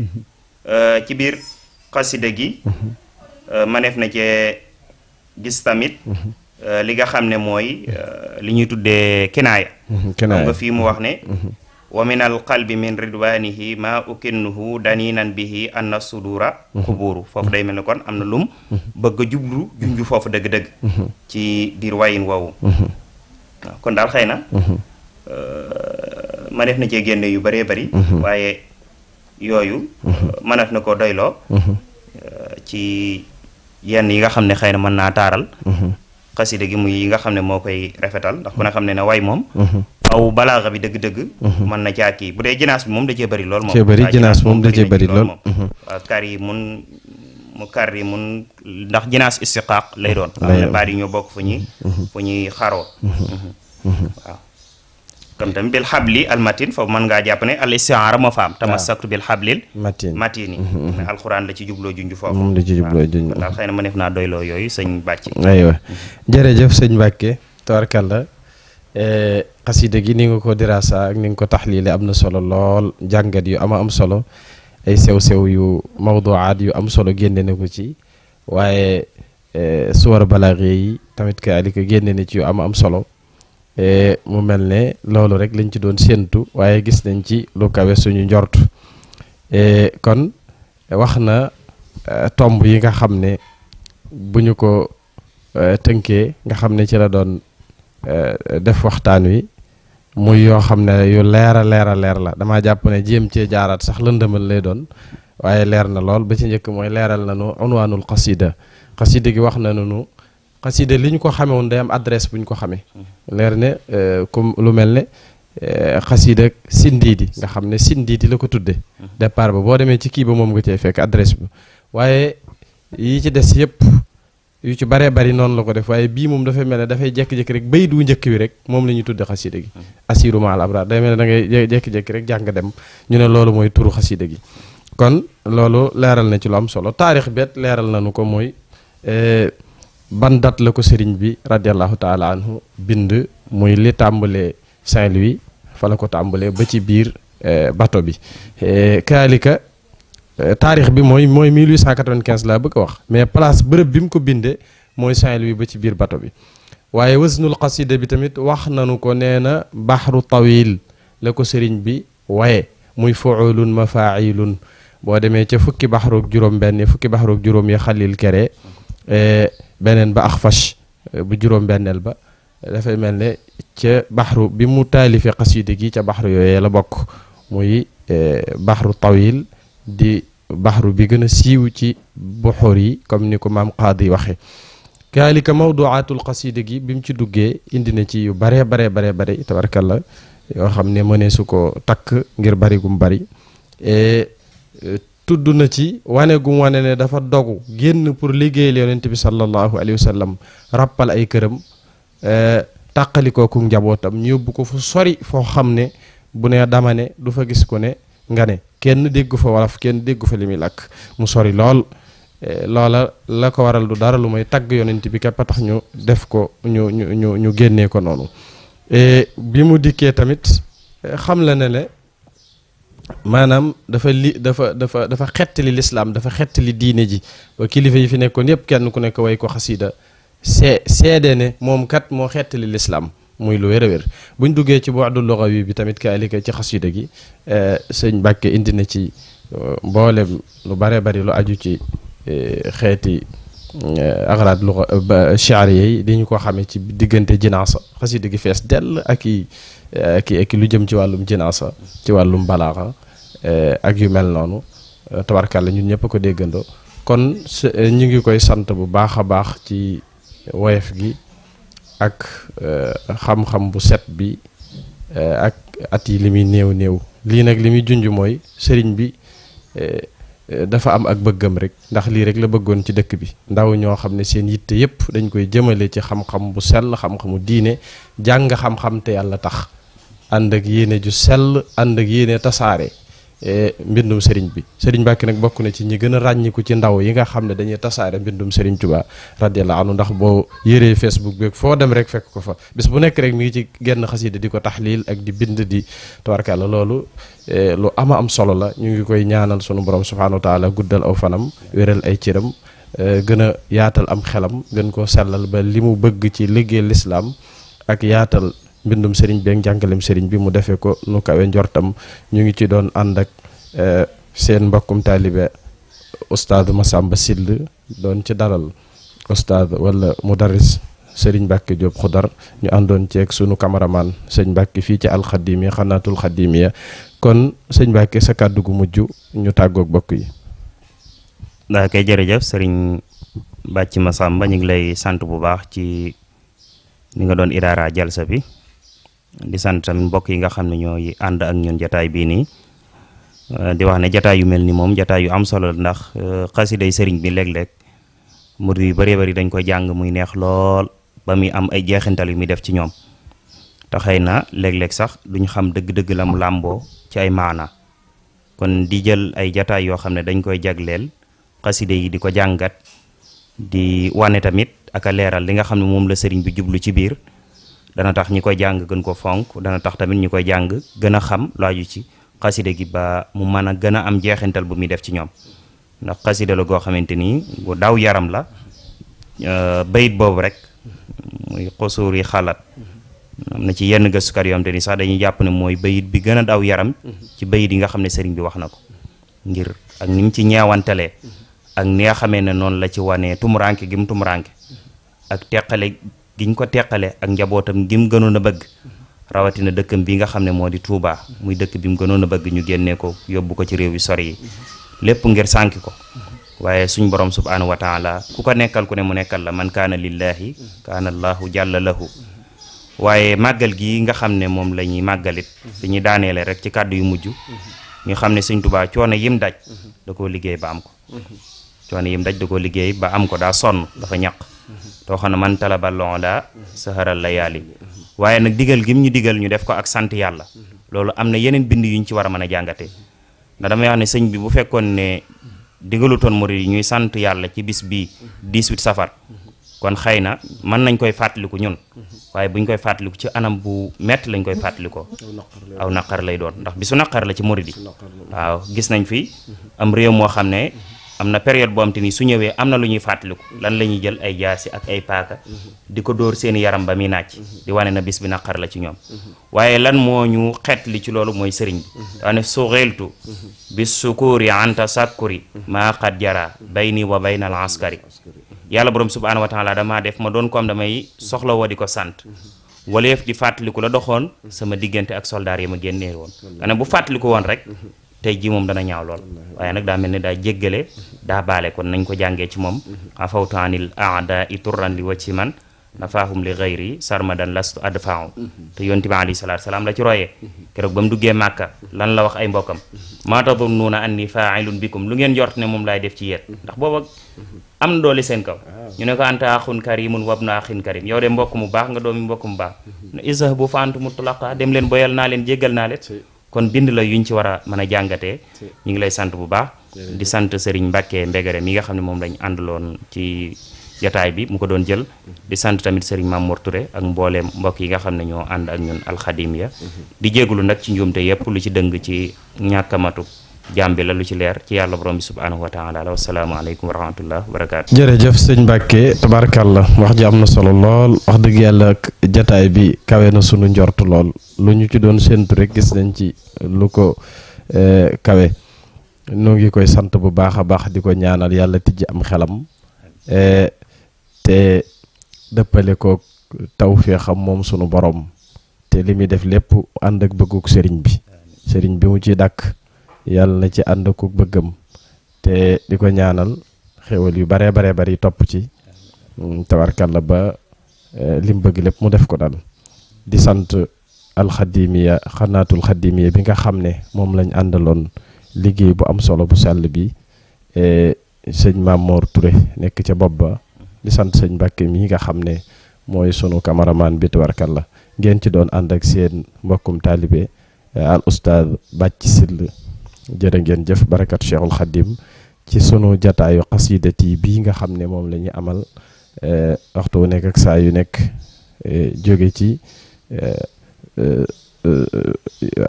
euh, ci biir xasida gi euh, maneef na cee gis tamit li nga xam ne mooy li ñuy tuddee kinaaya xam nga fii mu wax ne wa min alqalbi min ridwanihi ma ukinnuhu daninan bihi anna sudura xubuuru mhm. foofu day mel ni kon am na lum mhm. bëgg a jublu junju foofu dëgg-dëgg mhm. ci diir wayin woowu kon daal xëy na euh, maneef na cee génne yu bëree bëri waaye yooyu euh, maneef na ko doyloo euh, ci yenn yi nga xam ne xëy na mën naa taaral xasida gi muy yi nga xam ne moo koy rafetal ndax ku ne xam ne ne way moom mhm. aw balaaxa bi dëgg-dëgg mhm. mën na caa bu dee jinaas bi moom da cee bëri lool moom jinaas moom da cee bëri lool moom waaw mhm. euh, kar yi mun mu kar yi mun ndax jinaas istiqaaq lay doon xam ne baat yi ñoo bokk fu ñuy fu ñuy xaroo waaw kon tamit bil xabli almatin matin foofu mën ngaa jàpp ne al istiaara moo fa am tamassaktu bil xablil matin matin yi mais mm-hmm, mm-hmm. alxuraan la ci jublo junj foofu moom la ci jubloo junj daal xëy na ma neef naa doyloo yooyu sëñ Bàcc aywa mm-hmm. jërëjëf sëñ Mbàkke tabarkàlla eh, xasida gi ni nga ko dirasa ak ni nga ko taxliile am na solo lool jàngat yu ama am solo ay sew-sew yu mawduwaat yu am solo génne na ko ci waaye eh, suwar balaaxe yi tamit ka ali ko génne na ci yu ama am solo E, mu mel ne loolu rek lañ ci doon séentu waaye gis nañ ci lu kawe suñu njort e, kon wax na e, tomb yi nga xam ne bu ñu ko tënkee nga xam ne ci la doon def waxtaan wi muy yoo xam ne yu leer a leer leer la damaa jàpp ne jéem cee jaaraat sax lëndëmal lay doon waaye leer na lool ba ci njëkk mooy leeral na nu unwaanul xasida xasida gi wax na nu xasida li ñu ko xamee woon day am adresse bu ñu ko xamee. leer ne euh, comme lu mel ne euh, xasida sindiidi nga xam ne sindiidi la ko tudde départ ba boo demee ci kii ba moom nga cee fekk adresse bi waaye yi ci des yëpp yu ci bare bari noonu la ko def waaye bii moom dafay mel ne dafay jékki-jékki rek bayit wu njëkk wi rek moom la ñuy tuddee xasida gi. asiru maal abraar day mel ne da ngay jékki-jékki rek jàng dem ñu ne loolu mooy turu xasida gi kon loolu leeral na ci lu solo taarix bet leeral nañu ko mooy. Euh, ban date la ko sëriñ bi radiallahu taala anhu bind muy li tambalé saint Saint-Louis fala ko tambalé ba ci bir bato bi kalika tarikh bi moy moy 1895 la bëgg wax mais place bërëb bim ko bindé moy Saint-Louis ba ci bir bato bi waye waznul qasida bi tamit wax nanu ko nee bahru tawil la ko sëriñ bi waye muy fuulun mafailun bo démé ci fukki bahru juróom benn fukki bahru juróom ya khalil kere beneen ba Axfash bu juróom-benneel ba dafay mel ne ca baxru bi mu taalife xasida gi ca baxru yooyee la bokk muy baxru tawil di baxru bi gën a siiw ci buxur yi comme ni ko maam Qaadi waxe kaalika mawduaatul xasida gi bi mu ci duggee indi na ci yu baree baree baree bari tabarkalla yoo xam ne mënee su ko takk ngir bari gum bari tudd na ci wane gum wane ne dafa dogu génn pour liggéeyal yonent bi sallallahu alayhi wa sallam rappal ay këram eh, tàqalikoo ku njabootam ñu yóbbu ko fu sori foo xam ne bu ne dama ne du fa gis ko ne nga ne kenn déggu fa wolof kenn déggu fa li muy làkk mu sori lool eh, loola la ko waral du dara lu may tagg yonent bi képp a tax ñu def ko ñu ñu ñu ñu génnee ko noonu eh, bi mu dikkee tamit xam la ne le maanaam dafa li dafa dafa dafa xettali lislaam dafa xettali diine ji kilifa yi fi nekkoon yëpp kenn ku nekk way ko xasiida see seede ne moom kat moo xettali lislaam muy lu wér a wér buñ duggee ci bu àddul lugawi bi tamit kaalika ci xasiida gi eh, sëñ Mbàkke indi na ci eh, mboole lu bare bari lu aju ci eh, xeeti agaraat luga charia yi di ñu ko xamee ci diggante jinaasa xasiida gi fees dell ak i Euh, ki ki lu jëm ci wàllum jinaasa ci wàllum balaaxa euh, ak yu mel noonu euh, tabarkàlla ñun ñëpp ko déggandoo kon ñu ngi koy sant bu baax a baax ci woyof gi ak xam-xam bu set bi ak at yi li muy néew néew lii nag li muy junj mooy sëriñ bi dafa am ak bëggam rek ndax lii rek la bëggoon ci dëkk bi ndaw ñoo xam ne seen yitte yépp dañ koy jëmale ci xam-xam bu sel xam-xamu diine jàng xam-xam te yàlla tax ànd ak yéene ju sell ànd ak yéene tasaare e, mbindum sëriñ bi sëriñ Mbàkke nag bokk na ci ñi gën a ràññiku ci ndaw yi nga xam ne dañuy tasaare mbindum sëriñ Tuubaa radiyallaahu anhu ndax boo yëree Facebook beeg foo dem rek fekk ko fa bis bu nekk rek mi ngi ci genn xasida di ko taxliil ak di bind di tabarkàlla loolu e, lu ama am solo la ñu ngi koy ñaanal sunu borom subhaanahu wa taala guddal aw fanam wéral ay cëram e, gën a yaatal am xelam gën koo sellal ba li mu bëgg ci liggéey lislaam ak yaatal mbindum sëriñ bi ak njàngalem sëriñ bi mu defee ko nu kawe njortam ñu ngi ci doon ànd ak eh, seen mbokkum taalibe ustaadu Massamba Syll doon ci dalal ustaad wala mudaris sëriñ Mbacke Diop Khudar ñu àndoon ceeg sunu cameraman sëñ Mbacke fii ci alxadimiya xanaatul xadimiya kon sëñ Mbacke sa kàddu mujj ñu tàggoog bokk yi. daa koy jërëjëf sëriñ Bàcc Massamba ñu ngi lay sant bu baax ci ni nga doon idaara jalsa bi. di sant tamit mbokk yi nga xam ne ñooy ànd ak ñoom jataay bii nii euh, di wax ne jataay yu mel ni moom jataay yu am solo la ndax euh, xasiday sëriñ bi léeg-léeg murid yu bëree bëri dañ koy jàng muy neex lool ba muy am ay jeexintal yu muy def ci ñoom te xëy na léeg-léeg sax duñu xam dëgg-dëgg mu làmboo ci ay maana kon di jël ay jataay yoo xam ne dañ koy jagleel xaside yi di ko jàngat di wane tamit aka leeral li nga xam ne moom la sëriñ bi jublu ci biir dana tax ñi koy jàng gën ko fonk dana tax tamit ñi koy jàng gën a xam laaju ci qasida gi ba mu mëna gëna am jeexintal bu mi def ci ñom ndax qasida la go xamanteni ni daw yaram la euh, bayit bobu rek muy xusuur khalat amna am na ci yenn gëssu kar xam am ni sax dañuy japp ne moy bayit bi gëna daw yaram ci bayit yi nga xamne ne sëriñ bi wax nako ngir ak ni ci ñeewantalee ak ni nga non la ci wané tumuranke gi mu tumuranke ak teqale giñ ko teqale ak njabootam gi mu gënoon a bëgg rawatina dëkkam bii nga xam ne moo di Touba muy dëkk bi mu gënoon a bëgg ñu génnee ko yóbbu ko ci réew yi sori yi lépp ngir sànki ko waaye suñ borom subhaanahu wa taala ku ko nekkal ku ne mu nekkal la man kaana lillaahi kaana allaahu jàlla lahu waaye màggal gi nga xam ne moom la ñuy màggalit fi ñu daaneele rek ci kàddu yu mujj ñu xam ne suñ tubaa coono yim daj da koo liggéey ba am ko mm-hmm. coono yim daj da koo liggéey ba am ko daa sonn dafa ñaq too xam ne man talabal londa saharal la yaali waaye nag digal gim ñu digal ñu def ko ak sant yàlla loolu am na yeneen bind yu ñu ci war a mën a jàngate ndax damay wax ne sëñ bi bu fekkoon ne digalutoon murid yi ñuy sant yàlla ci bis bii 18 safar kon xëy na mën nañ koy fàttaliku ñun waaye buñ koy fàttaliku ci anam bu métti lañ koy fàttalikoo aw naqar lay doon ndax bisu naqar la ci murid yi waaw gis nañ fi am réew moo xam ne am na période boo te ni su ñëwee am na lu ñuy fàttaliku lan la ñuy jël ay jaasi ak ay paaka di ko dóor seeni yaram ba muy naaj di wane na bis bi naqar la ci ñoom waaye lan moo ñu xeet li ci loolu mooy sëriñ bi daa ne suxiltu bi sukuuri anta sakkuri maa bay jara bayni bay na la askari yàlla borom subhaanahu wa taala damaa def ma doon ko am damay soxla woo di ko sant waleef di fàttaliku la doxoon sama diggante ak soldaar yi ma génnee woon daa tey jii moom dana ñaaw lool waaye nag daa mel ne daa jéggale daa baale kon nañ ko jàngee ci moom mm-hmm. afawtaanil aada i turran li wacci man nafaahum li gayri sarmadan lastu adfaaw mm-hmm. te yonti bi alayhi salaam la ci royee mm-hmm. keroog ba mu duggee màkka lan la wax ay mbokkam maa tadunnuuna anni faailun bikum lu ngeen jort ne moom laay def ci yéen ndax booba am doole seen kaw ah. ñu ne ko anta axun karimun wabnu axin karim yow de mbokk mu baax nga doomi mbokk mu baax izhabu fa antum mutlaqa dem leen boyal naa kon bind la yu ñu ci war a mën a jàngatee ñu ngi lay sant bu baax di sant Serigne Mbacke Mbegere mi nga xam ne moom lañ loon ci jataay bi mu ko doon jël mm-hmm. di sant tamit Serigne Mamour Touré ak mbooleem mbokk yi nga xam ne ñoo ànd ak ñun alxadim ya mm-hmm. di jégalu nag ci njuumte yépp lu ci dëng ci ñàkkamatu jaam bi la lu ci leer ci yàlla borom bi subhaanahu wa taala wa salaamu aleykum wa rahmatullah jërëjëf sëñ Mbàkke tabarakàllah wax ji am na solo lool wax dëgg yàlla jataay bi kawe na sunu njort lool lu ñu ci doon séentu rek gis nañ ci lu ko eh, kawe noo ngi koy sant bu baax a baax di ko ñaanal yàlla tijji am xelam eh, te dëppale ko tawféexam moom sunu borom te li muy def lépp ànd ak bëgguk sëriñ bi sëriñ bi mu ciy dàkk yàlla ci ànd ko te di ñaanal xewal yu bare bare bare top ci mm, tawarkal ba eh, lim bëgg lepp mu def ko dal di al khadimiya khanatul khadimiya bi nga xamne mom lañ ligi liggey bu am solo bu sel bi eh, seigne mamour Touré nek ci di sante seigne Mbàkke mi nga xamne moy sunu cameraman bi la ngeen ci doon and ak seen mbokum talibé eh, al oustad bacci Sill jërë ngeen jëf barakat Cheikhul Khadim ci sunu jataayu xasida yi bii nga xam ne moom la ñuy amal eh, waxtu wu nekk ak saa yu nekk eh, jóge ci eh,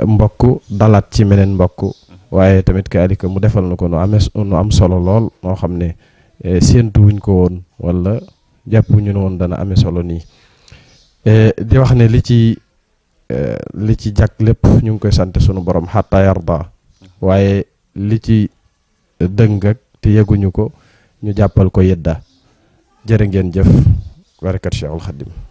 mbokk dalaat ci meneen mbokk waaye tamit kaalika mu defal na ko nu amee nu am solo lool moo xam ne séentuwuñ ko woon jàpp jàppuñu ne woon dana amee solo nii di wax ne li ci li ci jàkk lépp ñu ngi koy sant sunu borom xataa yarda waaye li ci dëng ak te yeguñu ko ñu jàppal ko yedda jërë ngeen jëf barakat Cheikhul Khadim